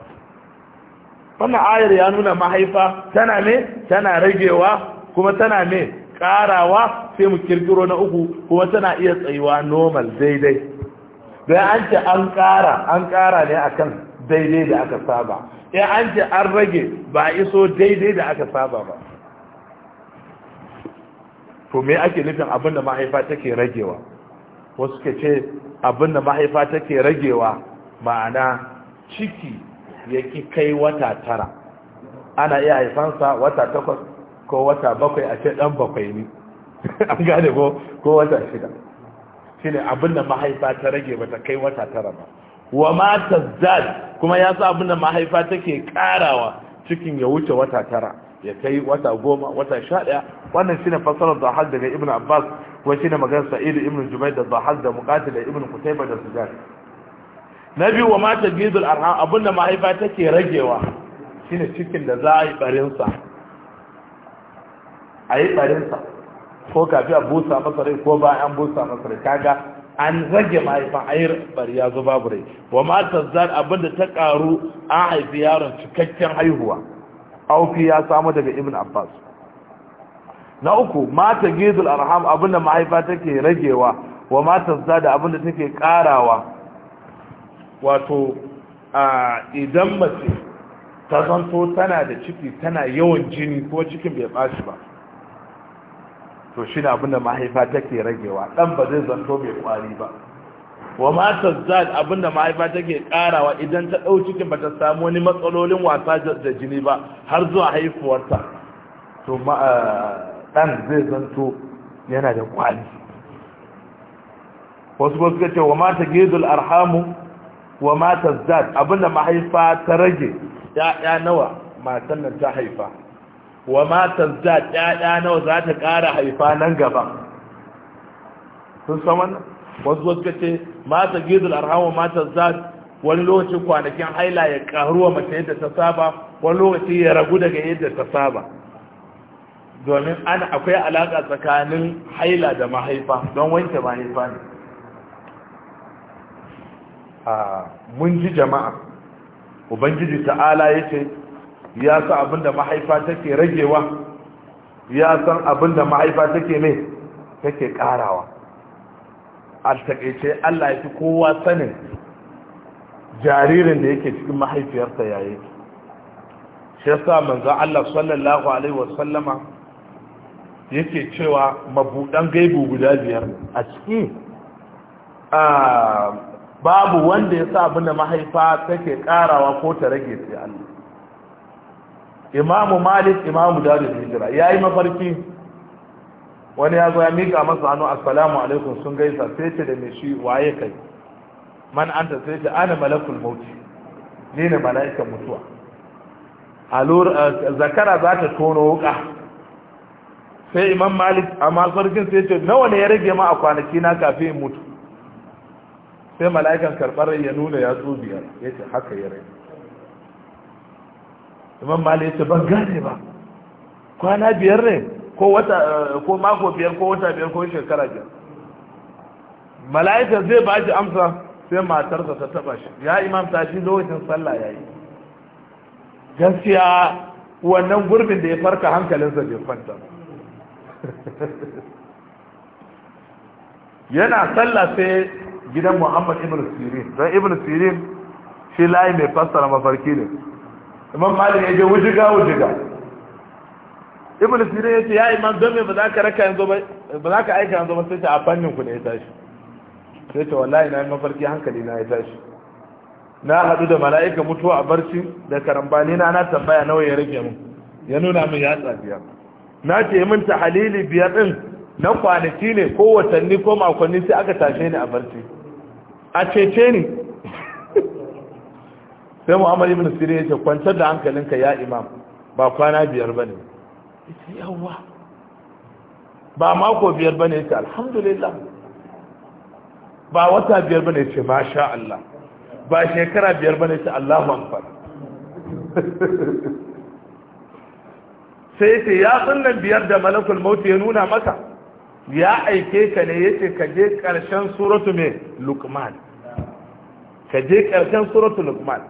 wannan ayar ya nuna mahaifa tana ne tana ragewa kuma tana ne karawa sai mu kirkiro na uku kuma tana iya tsayuwa normal daidai don an ce an kara an kara ne akan daidai da aka saba ya an ce an rage ba iso daidai da aka saba ba to me ake nufin abinda mahaifa take ragewa wasu ke ce abinda mahaifa take ragewa ma'ana ciki ya ki kai wata tara ana iya haifansa wata takwas ko wata bakwai a ce dan bakwai ne an gane ko ko wata shida shine abin da mahaifa ta rage bata kai wata tara ba wa ma kuma ya sa abin da mahaifa take karawa cikin ya wuce wata tara ya kai wata goma wata sha ɗaya wannan shine fasarar har daga ibn abbas wa shine magana sa'idu ibn jubayd da zahar da muqatil da ibn kutaiba da sujan na biyu wa mata gizul arham abinda mahaifa take ragewa shine cikin da za a yi barinsa a yi barinsa ko kafi a busa masa rai ko bayan an busa masa kaga an rage mahaifa a yi bari ya zo babu rai wa mata zan abinda ta karu an haifi yaron cikakken haihuwa aufi ya samu daga ibn abbas na uku mata gizul arham abinda mahaifa take ragewa wa mata zada abinda take karawa wato a idan mace ta zanto tana da ciki tana yawan jini ko cikin bai bashi ba to shi na abinda mahaifa take ragewa dan ba zai zanto mai kwari ba wa matar zaɗ abinda mahaifa take karawa idan ta ɗau cikin ba ta samu wani matsalolin wasa da jini ba har zuwa haifuwarta to ɗan zai zanto yana da kwari wasu ba suka ce wa mata gezul arhamu wa mata zat abinda mahaifa ta rage ya'ya nawa matan nan ta haifa wa mata zat ya'ya nawa za ta ƙara haifa nan gaba sun san wannan wasu wasu ce mata gizul arhamu mata zat wani lokaci kwanakin haila ya ƙaruwa mace yadda ta saba wani lokaci ya ragu daga yadda ta saba domin an akwai alaƙa tsakanin haila da mahaifa don wanke mahaifa ne a mun ji jama'a ubangiji ta'ala ya ce ya san abin mahaifa take ragewa ya san abin da mahaifa take ne take karawa Altaƙaice allah ya fi kowa sanin jaririn da yake cikin mahaifiyarsa yayi shi sa manzo allah sallallahu alaihi wasallama yake cewa mabudan gaibu guda biyar a ciki babu wanda ya sa abin da mahaifa take karawa ko ta rage sai Allah imamu malik imamu darul hijira yayi mafarki wani ya zo ya mika masa hannu assalamu alaikum sun gaisa sai ce da me shi waye kai man anta sai ce ana malakul mauti ni ne mala'ikan mutuwa zakara za ta tono wuka sai imam malik amma sarkin sai ce nawa ne ya rage ma a kwanaki na kafin mutu sai mala'ikan karɓar ya nuna ya zo biyar ya ce haka ya rai imam mali ya ce ban gane ba kwana biyar ne ko wata eh, ko mako biyar ko wata biyar ko shekara biyar mala'ikan zai ba shi amsa sai matarsa ta taba shi ya imam ta shi lokacin sallah ya yi gaskiya wannan gurbin da ya farka hankalinsa bai kwanta yana sallah sai gidan muhammad ibn sirin don ibn sirin shi layi mai fassara mafarki ne imam malik ya je wujiga wujiga ibn sirin ya ce ya imam don me ba za ka raka yanzu ba za ka aika yanzu ba sai ta a fannin ku ne ya tashi sai ta wallahi na yi mafarki hankali na ya tashi na haɗu da mala'ika mutuwa a barci da karambani na na tambaya nawa ya rage mun ya nuna min ya tsafiya na ce min ta halili biyar din na kwanaki ne ko watanni ko makonni sai aka tashe ni a barci a cece ni sai muhammad ibn sirin ya ce kwantar da hankalinka ya imam ba kwana biyar ba ne ita ba mako biyar ba ne ya ce alhamdulillah ba wata biyar ba ne ya ce masha Allah ba shekara biyar ba ne ya ce Allahu akbar sai ce ya nan biyar da malakul mauti ya nuna maka ya aike ka ne yace ka je karshen suratu mai lukman ka je karshen suratu lukman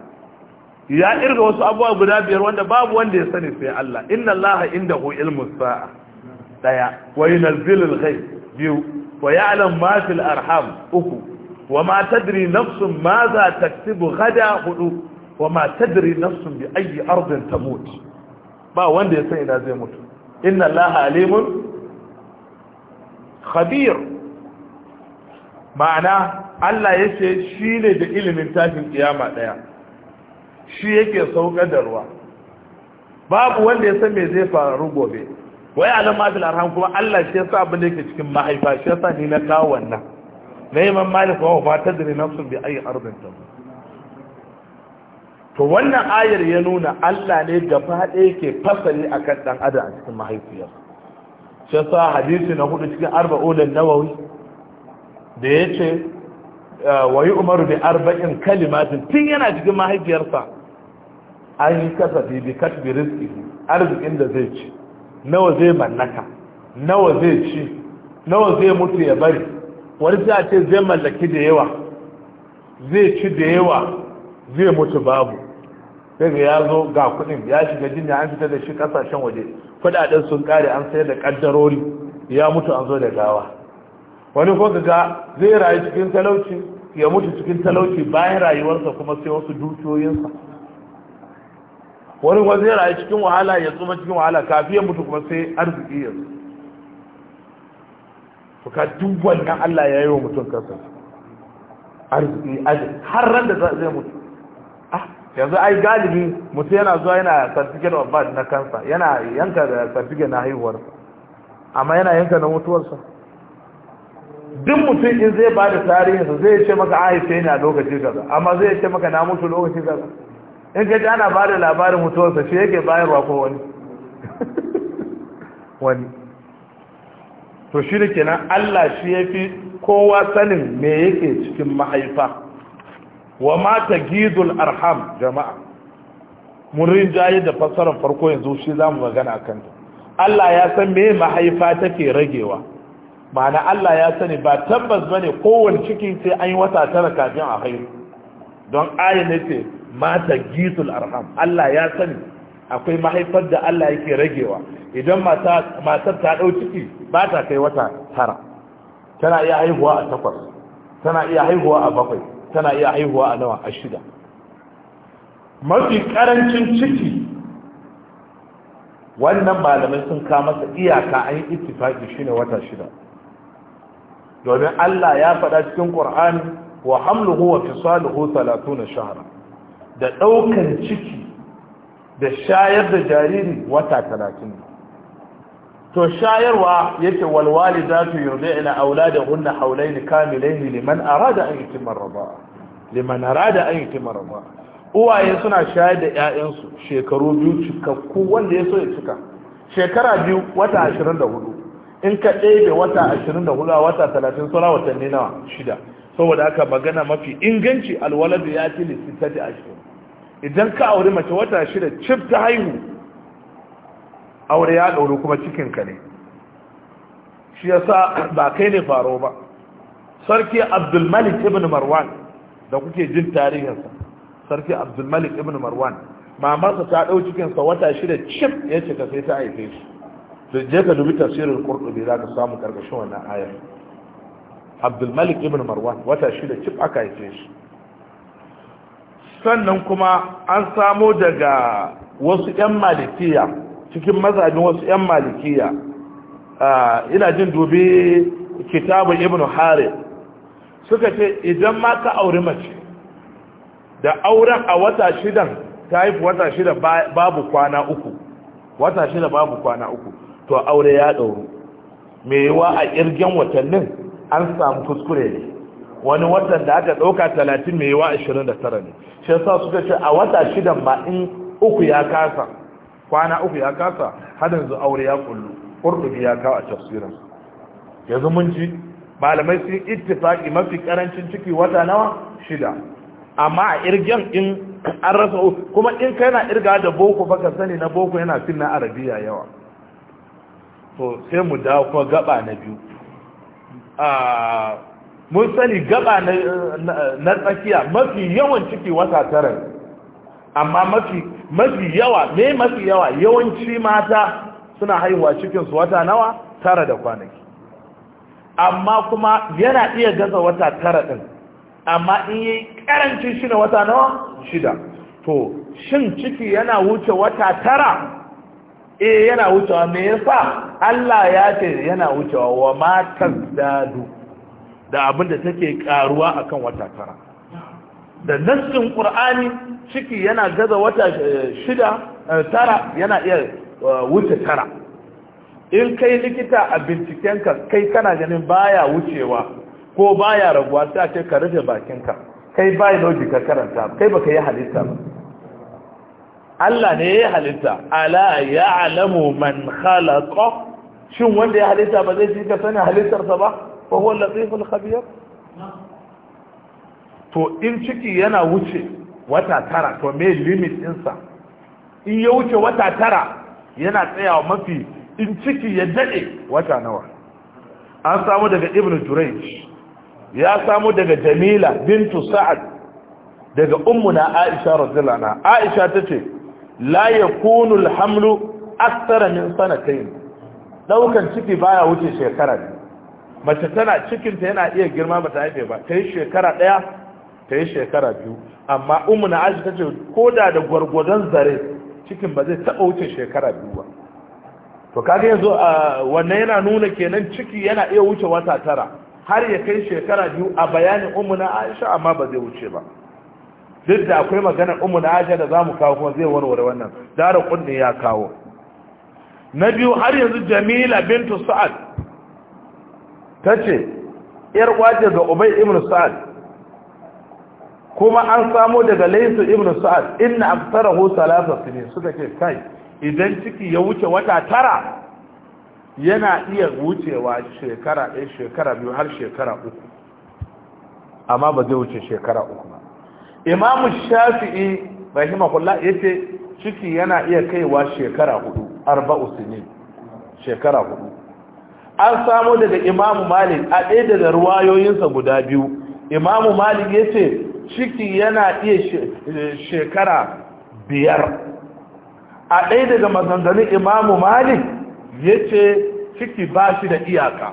ya irga wasu abubuwa guda biyar wanda babu wanda ya sani sai Allah inna inda indahu ilmu sa'a daya wa yunzilul ghaib biyu wa ya'lam ma fil arham uku wa ma tadri nafsun ma za taktibu gada hudu wa ma tadri nafsun bi ayi ardin tamut ba wanda ya sani ina zai mutu inna Allaha alimun khabir ma'ana Allah ya ce shi ne da ilimin tashin kiyama ɗaya shi yake saukar da ruwa babu wanda ya san me zai faru gobe wai alam matul arham kuma Allah shi yasa abin da yake cikin mahaifa shi yasa ni na kawo wannan na imam malik wa fa tadri nafsun bi ayi ardin ba to wannan ayar ya nuna Allah ne gaba ɗaya yake fasali akan dan adam a cikin mahaifiyarsa shi hadisi na hudu cikin arba'un nawawi da ya ce ah, wa umaru da arba'in kalimatin tun yana cikin mahaifiyarsa an yi kasu bi riski arzikin da zai ci nawa zai mallaka nawa zai ci nawa zai mutu ya bari wani sai a ce zai mallaki da yawa zai ci da yawa zai mutu babu sai ya zo ga kudin ya shiga jinya an fita da shi kasashen waje kudaden sun kare an sayar da kaddarori ya mutu an zo da gawa wani ko ga zai rayu cikin talauci ya mutu cikin talauci bayan rayuwarsa kuma sai wasu dukiyoyinsa wani kuma zai rayu cikin wahala ya tsuma cikin wahala kafin ya mutu kuma sai arziki ya zo to ka duk wannan Allah ya yi wa mutum kansa arziki har ran da zai mutu ah yanzu ai galibi mutum yana zuwa yana certificate of birth na kansa yana yanka da certificate na haihuwarsa amma yana yanka na mutuwarsa duk mutum in zai ba da tarihinsa zai ce maka a haife ni a lokaci kaza amma zai ce maka na mutu lokaci kaza in ka ji ana ba da labarin mutuwarsa shi yake bayarwa ko wani wani to shi da kenan Allah shi ya fi kowa sanin me yake cikin mahaifa wa mata gidul arham jama'a mun rinjaye da fassarar farko yanzu shi za mu magana akan ta Allah ya san me mahaifa take ragewa ma'ana Allah ya sani ba tabbas bane kowanne ciki sai an yi wata tara kafin a haihu don ayin ce ma gidul arham Allah ya sani akwai mahaifar da Allah yake ragewa idan matar ta ɗau ciki ba ta kai wata tara tana iya haihuwa a takwas tana iya haihuwa a bakwai tana iya haihuwa a nawa a shida mafi karancin ciki wannan malamai sun kama masa iyaka an yi shi shine wata shida domin Allah ya faɗa cikin Qur'ani wa hamluhu wa talatu na shahara da daukan ciki da shayar da jariri wata 30 to shayarwa yake walwali za tu yurda ila auladahunna haulaini kamilaini liman arada an yutimma rada'a liman arada an yutimma rada'a uwaye suna shayar da 'ya'yansu shekaru biyu cikakku wanda ya so ya cika shekara biyu wata 24 in ka ɗebe wata 24 wata 30 sura watanni nawa shida saboda haka magana mafi inganci alwaladu ya ci lissita da ashirin idan ka auri mace wata shida cif ta haihu aure ya ɗauri kuma cikinka ne shi ya sa ba kai ne faro ba sarki abdulmalik ibn marwan da kuke jin tarihinsa sarki abdulmalik ibn marwan mamarsa ta ɗau cikinsa wata shida cif ya ce ka sai ta haife shi da je ka dubi tafsirin kurɗubi za ka samu ƙarƙashin wannan ayar abdulmalik ibn marwan wata shida cif aka haife shi sannan kuma an samo daga wasu 'yan malikiya cikin mazajin wasu 'yan malikiya ina jin dubi kitabun ibn harith suka ce idan ma ka auri mace da auren a wata shidan ta haifu wata shida babu kwana uku wata shida babu kwana uku to aure ya ɗauru mai yiwa a ƙirgin watannin an samu kuskure ne wani watan da aka ɗauka talatin mai yiwa ashirin da tara ne shi yasa suka ce a wata shidan ma in uku ya kasa kwana uku ya kasa hadin zu aure ya kullu qurdubi ya kawo a tafsirin yanzu mun ji malamai sun ittifaqi mafi karancin ciki wata nawa shida amma a irgen in an rasa kuma in kai na irga da boko baka sani na boko yana fin na arabiya yawa to sai mu dawo kuma gaba na biyu mun sani gaba na tsakiya mafi yawan ciki wata tara amma mafi mafi yawa me mafi yawa yawanci mata suna haihuwa cikinsu wata nawa tara da kwanaki amma kuma yana iya gaza wata tara ɗin amma in yi shi shida wata nawa shida to shin ciki yana wuce wata tara eh yana wucewa me yasa Allah ya ce yana wucewa wa matan dadu da abin da take karuwa akan wata tara da nassin Kur'ani, ciki yana gaza wata eh, shida eh, tara yana iya eh, wuce tara in kai likita a bincikenka kai kana ganin baya wucewa ko baya raguwa ta ce ka rufe bakinka kai biology ka karanta kai baka yi halitta ba Allah ne ya halitta ala ya'lamu man khalaqa shin wanda ya halitta ba zai shi ka sani halittarsa ba fa huwa al to in ciki yana wuce wata tara to me limit ɗinsa in ya wuce wata tara yana tsayawa mafi in ciki ya daɗe wata nawa an samu daga ibn jurayj ya samu daga jamila bintu sa'ad daga ummuna aisha radhiyallahu na. aisha ce, la yakunu alhamlu akthara min sanatayn Ɗaukan ciki baya wuce shekara mace tana cikinta yana iya girma ba ta haife ba Ta yi shekara ɗaya. ta yi shekara biyu amma umu na aji ta ce ko da da gwargwadon zare cikin ba zai taɓa wuce shekara biyu ba to kaga yanzu wannan yana nuna kenan ciki yana iya wuce wata tara har ya kai shekara biyu a bayanin umu na aisha amma ba zai wuce ba duk da akwai maganar umu na aisha da zamu kawo kuma zai warware wannan dara kunne ya kawo na biyu har yanzu jamila bintu sa'ad ta ce yar waje ga ubay ibn sa'ad kuma an samo daga laisu ibn sa'ad inna aktharahu salasa sinin suka ce kai idan ciki ya wuce wata tara yana iya wucewa shekara ɗaya shekara biyu har shekara uku amma ba zai wuce shekara uku ba imamu shafi'i rahimahullah ce ciki yana iya kaiwa shekara hudu arba'u sinin shekara hudu an samo daga imamu malik a ɗaya daga ruwayoyinsa guda biyu imamu malik ya ce. ciki yana iya shekara biyar a ɗaya daga mazanganin imamu malik ya ce ciki ba shi da iyaka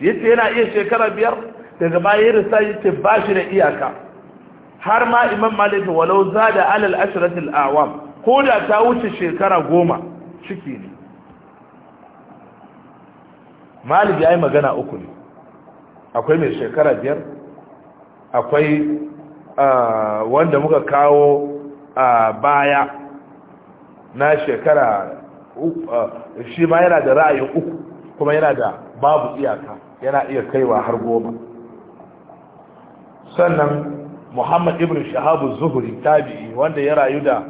ya ce yana iya shekara biyar daga bayan risa ya ce ba shi da iyaka har ma imam malik walau za da alal ashiratul awam ko da ta wuce shekara goma ciki ne malik ya yi magana uku ne akwai mai shekara biyar akwai wanda muka kawo a baya na shekara shi ma yana da ra'ayin uku kuma yana da babu iyaka yana iya kaiwa har goma sannan muhammad ibn shahabu zuhuri tabi'i wanda ya rayu da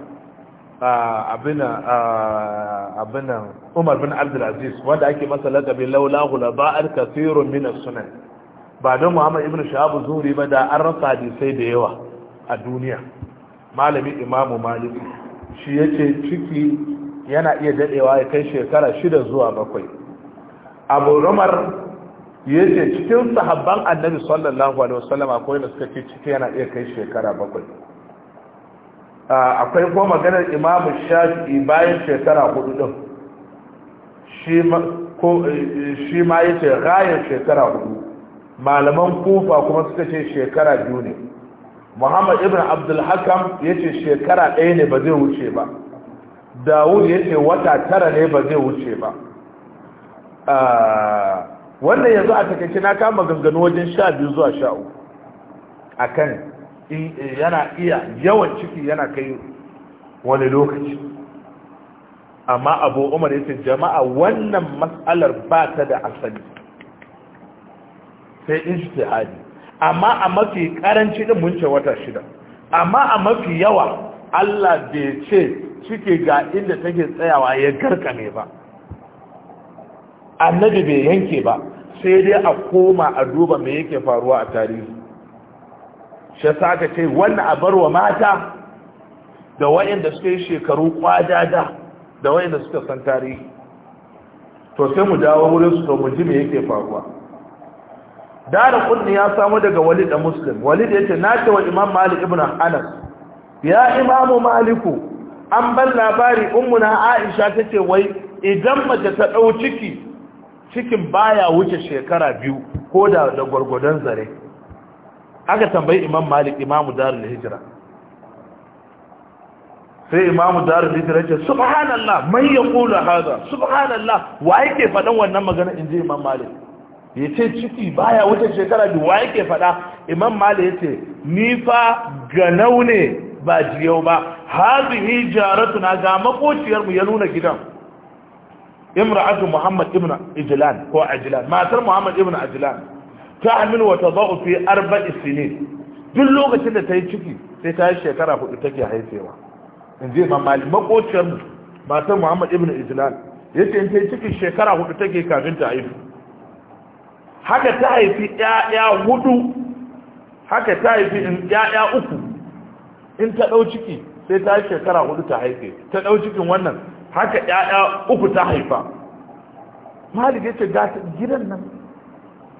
abinan umar bin abdulaziz wanda ake masa lakabin laulahu laba'ar kasirun minas sunan ba don muhammad ibn shahabu zuri ba da an rasa hadisai da yawa a duniya malami imamu Maliki shi ya ce ciki yana iya dadewa ya kai shekara shida zuwa bakwai abu rumar ya ce cikin sahabban annabi sallallahu alaihi wasallam akwai da suka ce ciki yana iya kai shekara bakwai akwai kuma maganar imamu Shafi bayan shekara hudu din shi ma ya ce rayar shekara hudu malaman kufa kuma suka ce shekara biyu ne muhammad ibn abdulhakam ya ce shekara ɗaya ne ba zai wuce ba dawud ya ce wata tara ne ba zai wuce ba ah, wannan yanzu a takaice na kama gangano wajen sha biyu zuwa sha uku a kan yana iya yawan ciki yana kai wani lokaci amma abu umar ya ce jama'a wannan matsalar ba ta da asali sai ijtihadi amma a mafi karanci din mun ce wata shida amma a mafi yawa Allah bai ce cike ga inda take tsayawa ya ne ba annabi bai yanke ba sai dai a koma a duba me yake faruwa a tarihi shi aka ce wannan a barwa mata da waɗanda suka shekaru kwadada da waɗanda suka san tarihi to sai mu dawo wurin su to mu ji me yake faruwa dara kunni ya samu daga walid da muslim walid yace na ce wa imam malik ibn anas ya imamu maliku an ban labari ummuna aisha tace wai idan mace ta dau ciki cikin baya wuce shekara biyu ko da da gwargwadon zare aka tambayi imam malik imamu darul hijra sai imamu darul hijra ce subhanallah man yaqulu hada subhanallah wa yake fadan wannan magana inji imam malik ya ce ciki baya wuce shekara biyu wa yake faɗa imam mali ya ce ni fa ganau ne ba jiyau ba hazihi jaratuna ga makociyarmu ya nuna gidan imra'atu muhammad ibn ajlan ko ajlan matar muhammad ibn ajlan ta amil wa tadau fi arba'i sinin duk lokacin da ta yi ciki sai ta yi shekara hudu take haifewa in ji imam mali makociyarmu matar muhammad ibn ajlan yace in ta yi ciki shekara hudu take kafin ta haifu haka ta haifi ƴaƴa hudu haka ta haifi ƴaƴa uku in ta ɗau ciki sai ta yi shekara hudu ta haife ta ɗau cikin wannan haka ƴaƴa uku ta haifa malik ya ce gidan nan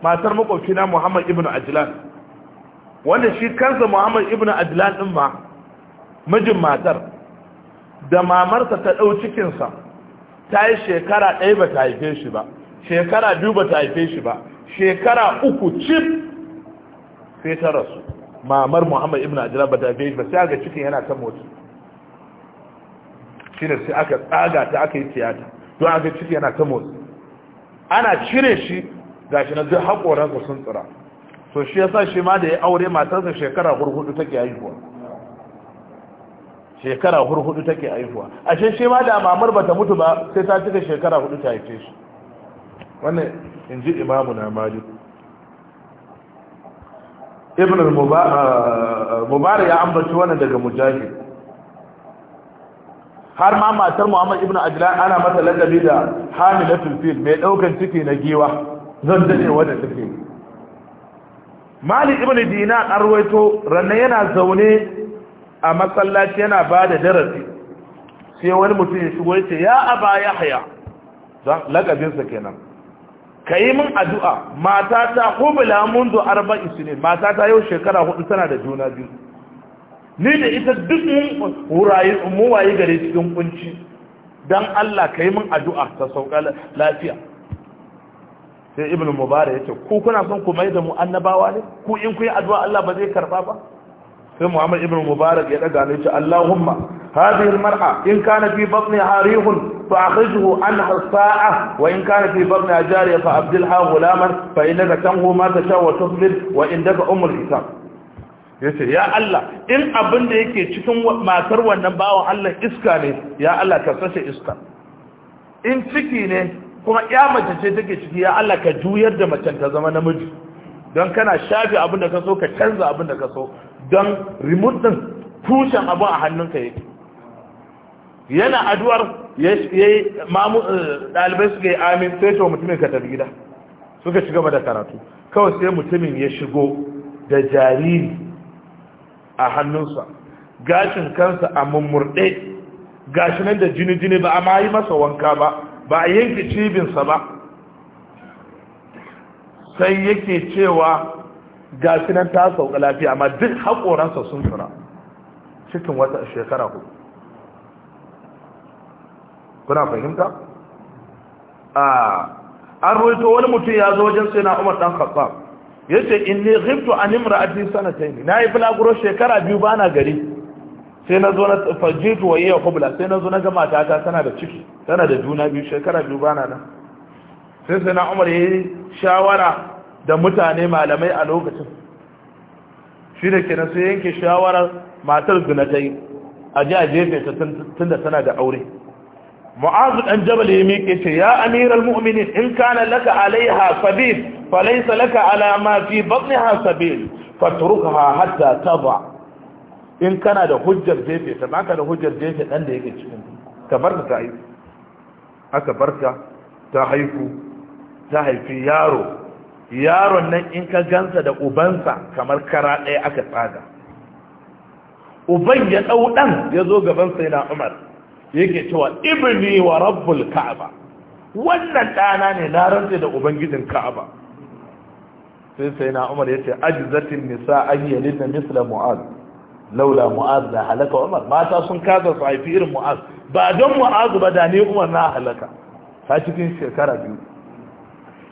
matar na muhammad ibn ajlan wanda shi kansa muhammad ibn ajlan din ma mijin matar da mamarsa ta ɗau cikinsa ta yi shekara ɗaya ba ta haife shi ba shekara biyu ba ta haife shi ba shekara uku cif sai ta rasu mamar muhammad ibn ajiyar ba ta bai ba sai ga cikin yana ta motsi shi ne sai aka tsaga ta aka yi tiyata don aka ciki yana ta motsi ana cire shi ga shi na duk haƙoransa sun tsira so shi yasa shi ma da ya aure matarsa shekara hurhudu take haihuwa shekara hurhudu take haihuwa a shi ma da mamar ba ta mutu ba sai ta cika shekara hudu ta haife shi wannan in ji imamu na malik ibn al-mubarak uh, uh, ya ambaci wannan daga mujahid har ma matar muhammad ibn ajlan ana mata ladabi da hamilatul fil mai daukan ciki na giwa zan dade wanda take malik ibn dina arwaito ranna yana zaune a masallaci yana bada darasi sai wani mutum ya shigo ya ce ya aba yahya lakabinsa kenan ka yi min addu'a matata hubula mundu arba isinin matata yau shekara hudu tana da juna biyu ni da ita duk mun mu waye gare cikin kunci dan Allah ka yi min addu'a ta sauka lafiya sai ibnu mubarak ce, ku kuna son ku mai da mu annabawa ne ku in ku yi addu'a Allah ba zai karba ba sai muhammad ibn mubarak ya daga ne ce allahumma hadhihi almar'a in kana fi batniha rihun fa akhrijhu anha sa'a wa in kana fi batniha jariya fa abdilha ghulaman fa innaka tamhu ma tasha wa tusbil wa indaka ummul kitab yace ya Allah in abin da yake cikin matar wannan bawan Allah iska ne ya Allah ka sace iska in ciki ne kuma ya mace ce take ciki ya Allah ka juyar da macen ta zama namiji don kana shafi abin da ka so ka canza abin da ka so don remote din tushen abu a hannunka yake yana aduwar ya yi dalibai eh, suka yi amin sai to mutumin ka tafi gida suka shiga gaba da karatu kawai sai mutumin ya shigo da jariri a hannunsa gashin kansa a mummurde gashi da jini-jini ba a ma yi masa wanka ba ba a yanke cibinsa ba sai yake cewa ga shi nan ta sauka lafiya amma duk haƙoransa sun tura cikin wata shekara ku kuna fahimta? an roito wani mutum ya zo wajen sai na umar ɗan kasa ya ce in ne ghibtu a imra ajin sanatai ne na yi bulaguro shekara biyu ba na gari sai na zo na fajitu wa iya kubula sai na zo na gama ta ta tana da ciki tana da juna biyu shekara biyu ba na nan sai sai na umar ya yi shawara da mutane malamai a lokacin shi da kenan sai yanke shawarar matar zinatai a ji a jefe ta tun da tana da aure mu'azu ɗan jabal ya miƙe ce ya amiral mu'minin in kana laka alaiha sabil falaysa laka alama fi fi batniha sabil fatrukha hatta taba in kana da hujjar jefe ta baka da hujjar jefe ɗan da yake cikin ka bar ta aka barta ta ta haifi yaro yaron nan in ka gansa da ubansa kamar kara ɗaya aka tsaga uban ya ɗau ɗan ya zo gaban sai na umar yake cewa ibini wa rabbul ka'aba wannan ɗana ne na rantse da ubangijin ka'aba sai sai na umar ya ce aji zartin nisa an yi na misla mu'az laula mu'az na halaka umar mata sun kasa su haifi irin mu'az ba don mu'az ba da ni umar na halaka ta cikin shekara biyu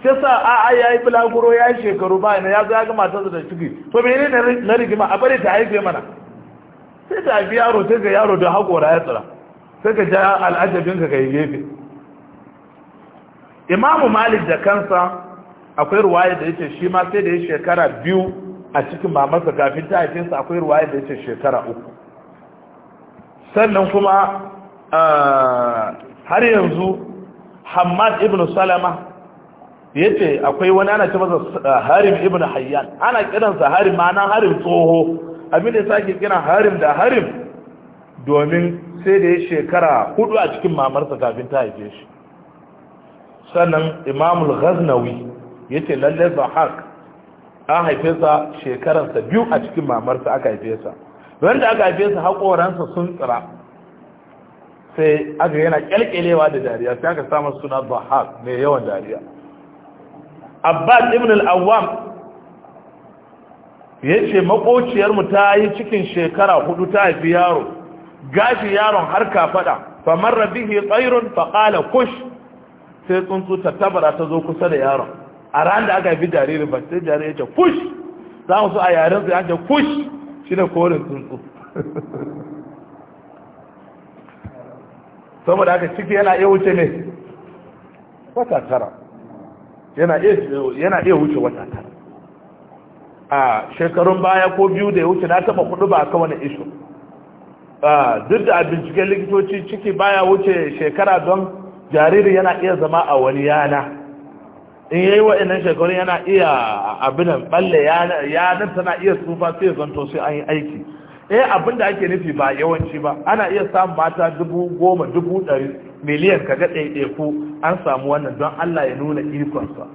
sai sa a a ya yi bulaguro ya yi shekaru ba ya zaga ya da ciki to mene ne na rigima a bari ta haife mana sai ta haifi yaro sai ga yaro da haƙora ya tsira sai ka ja al'ajabin ka yi gefe imamu malik da kansa akwai ruwaya da yake shi ma sai da ya shekara biyu a cikin mamarsa kafin ta haife sa akwai ruwaya da yake shekara uku sannan kuma ah, har yanzu Hamad ibn salama yace akwai wani ana ce masa uh, harim ibn hayyan ana kiransa harim ma'ana harim tsoho abin da sake kira harim da harim domin sai da ya shekara hudu a cikin mamarsa kafin ta haife shi sannan imamul ghaznawi yace lalle zahak an haife sa shekararsa biyu a cikin mamarsa aka haife sa wanda aka haife sa haƙoransa sun tsira sai aka yana kyalkyalewa da dariya sai aka samu suna zahak mai yawan dariya abbas ibn al-awwam yace makociyar mu ta yi cikin shekara hudu ta haifi yaro gashi yaron har ka fada famarra bihi tsayrun fa qala kush sai tsuntsu ta tabara ta zo kusa da yaron a ran da aka haifi jariri ba sai jariri yace kush za mu so a yaren su yace kush da korin tsuntsu saboda haka ciki yana iya wuce ne wata tara yana iya wuce wata a shekarun baya ko biyu da ya wuce na taba kudu ba ka wani isho duk da binciken likitoci ciki baya wuce shekara don jariri yana iya zama a wani yana in yayi inan shekarun yana iya abinan balle yanar tana iya tsufa sai zanto sai an yi aiki eh abinda ake nufi ba yawanci ba ana iya samun mata dubu goma dubu ɗari miliyan kaga ɗaiɗaiku an samu wannan don Allah ya nuna ikonsa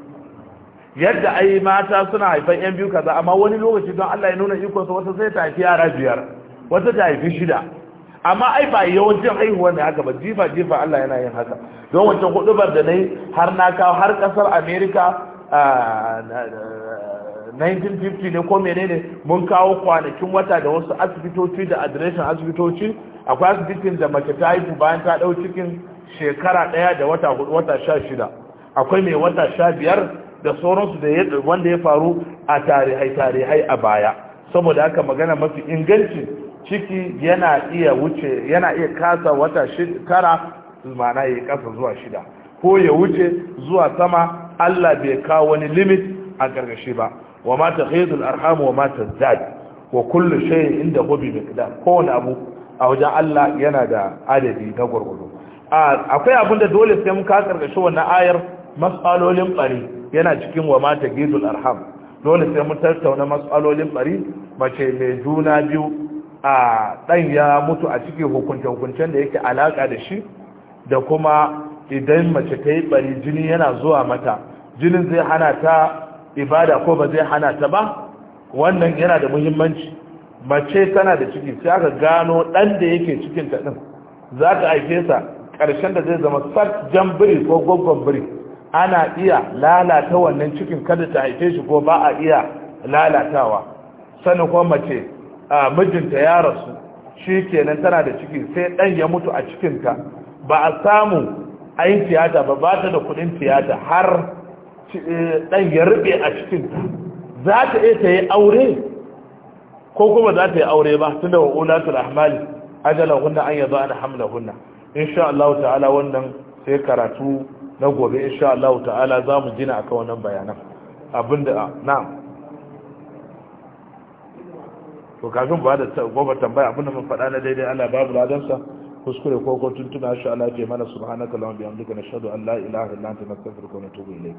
yadda ai mata suna haifan yan biyu kaza amma wani lokaci don Allah ya nuna ikonsa wata sai ta haifi yara biyar wata ta haifi shida amma ai ba yawancin haihuwa ne haka ba jifa jifa Allah yana yin haka don wancan hudubar da na yi har na kawo har kasar amerika 1950 ne ko menene mun kawo kwanakin wata da wasu asibitoci da adireshin asibitoci akwai asibitin da mace ta haihu bayan ta ɗau cikin shekara ɗaya da wata hudu wata sha shida akwai mai wata sha biyar da sauransu da wanda ya faru a tarihai tarihai a baya saboda haka magana mafi inganci ciki yana iya wuce yana iya kasa wata shekara mana ya kasa zuwa shida ko ya wuce zuwa sama Allah bai kawo wani limit a gargashi ba wa mata taghidul arham wa mata zad wa kullu shay'in inda hubi da kowane abu a wajen Allah yana da adadi na gurgudu akwai abin da dole sai muka karkashi wannan ayar mas'alolin bari yana cikin wa mata gizul arham dole sai mun tattauna mas'alolin bari mace mai juna biyu a dan ya mutu a cikin hukunce hukuncen da yake alaka da shi da kuma idan mace ta yi bari jini yana zuwa mata jinin zai hana ta ibada ko ba zai hana ta ba wannan yana da muhimmanci mace tana da ciki sai aka gano dan da yake cikin ta din za ka sa ƙarshen da zai zama jan biri ko gwaggon biri ana iya lalata wannan cikin kada ta haife shi ko ba a iya lalatawa sani ko mace mijinta ya rasu shi kenan tana da ciki sai ɗan ya mutu a cikinta ba a samu a yin tiyata ba ba ta da kudin tiyata har e, ɗan ya rube a cikinta za ta iya ta yi aure ko kuma za ta yi aure ba tun da wa'ulatul ahmali ajalan hunna an yazo an hamla hunna insha Allah ta'ala wannan sai karatu na gobe insha Allah ta'ala za mu gina aka wannan bayanan abinda ah, na'am to kafin ba da gobe tambaya abinda mun faɗa na daidai Allah babu ladansa kuskure ko ko tuntuna insha Allah ya mana subhanaka allahumma bihamdika nashhadu an la ilaha illa anta nastaghfiruka wa natubu ilayk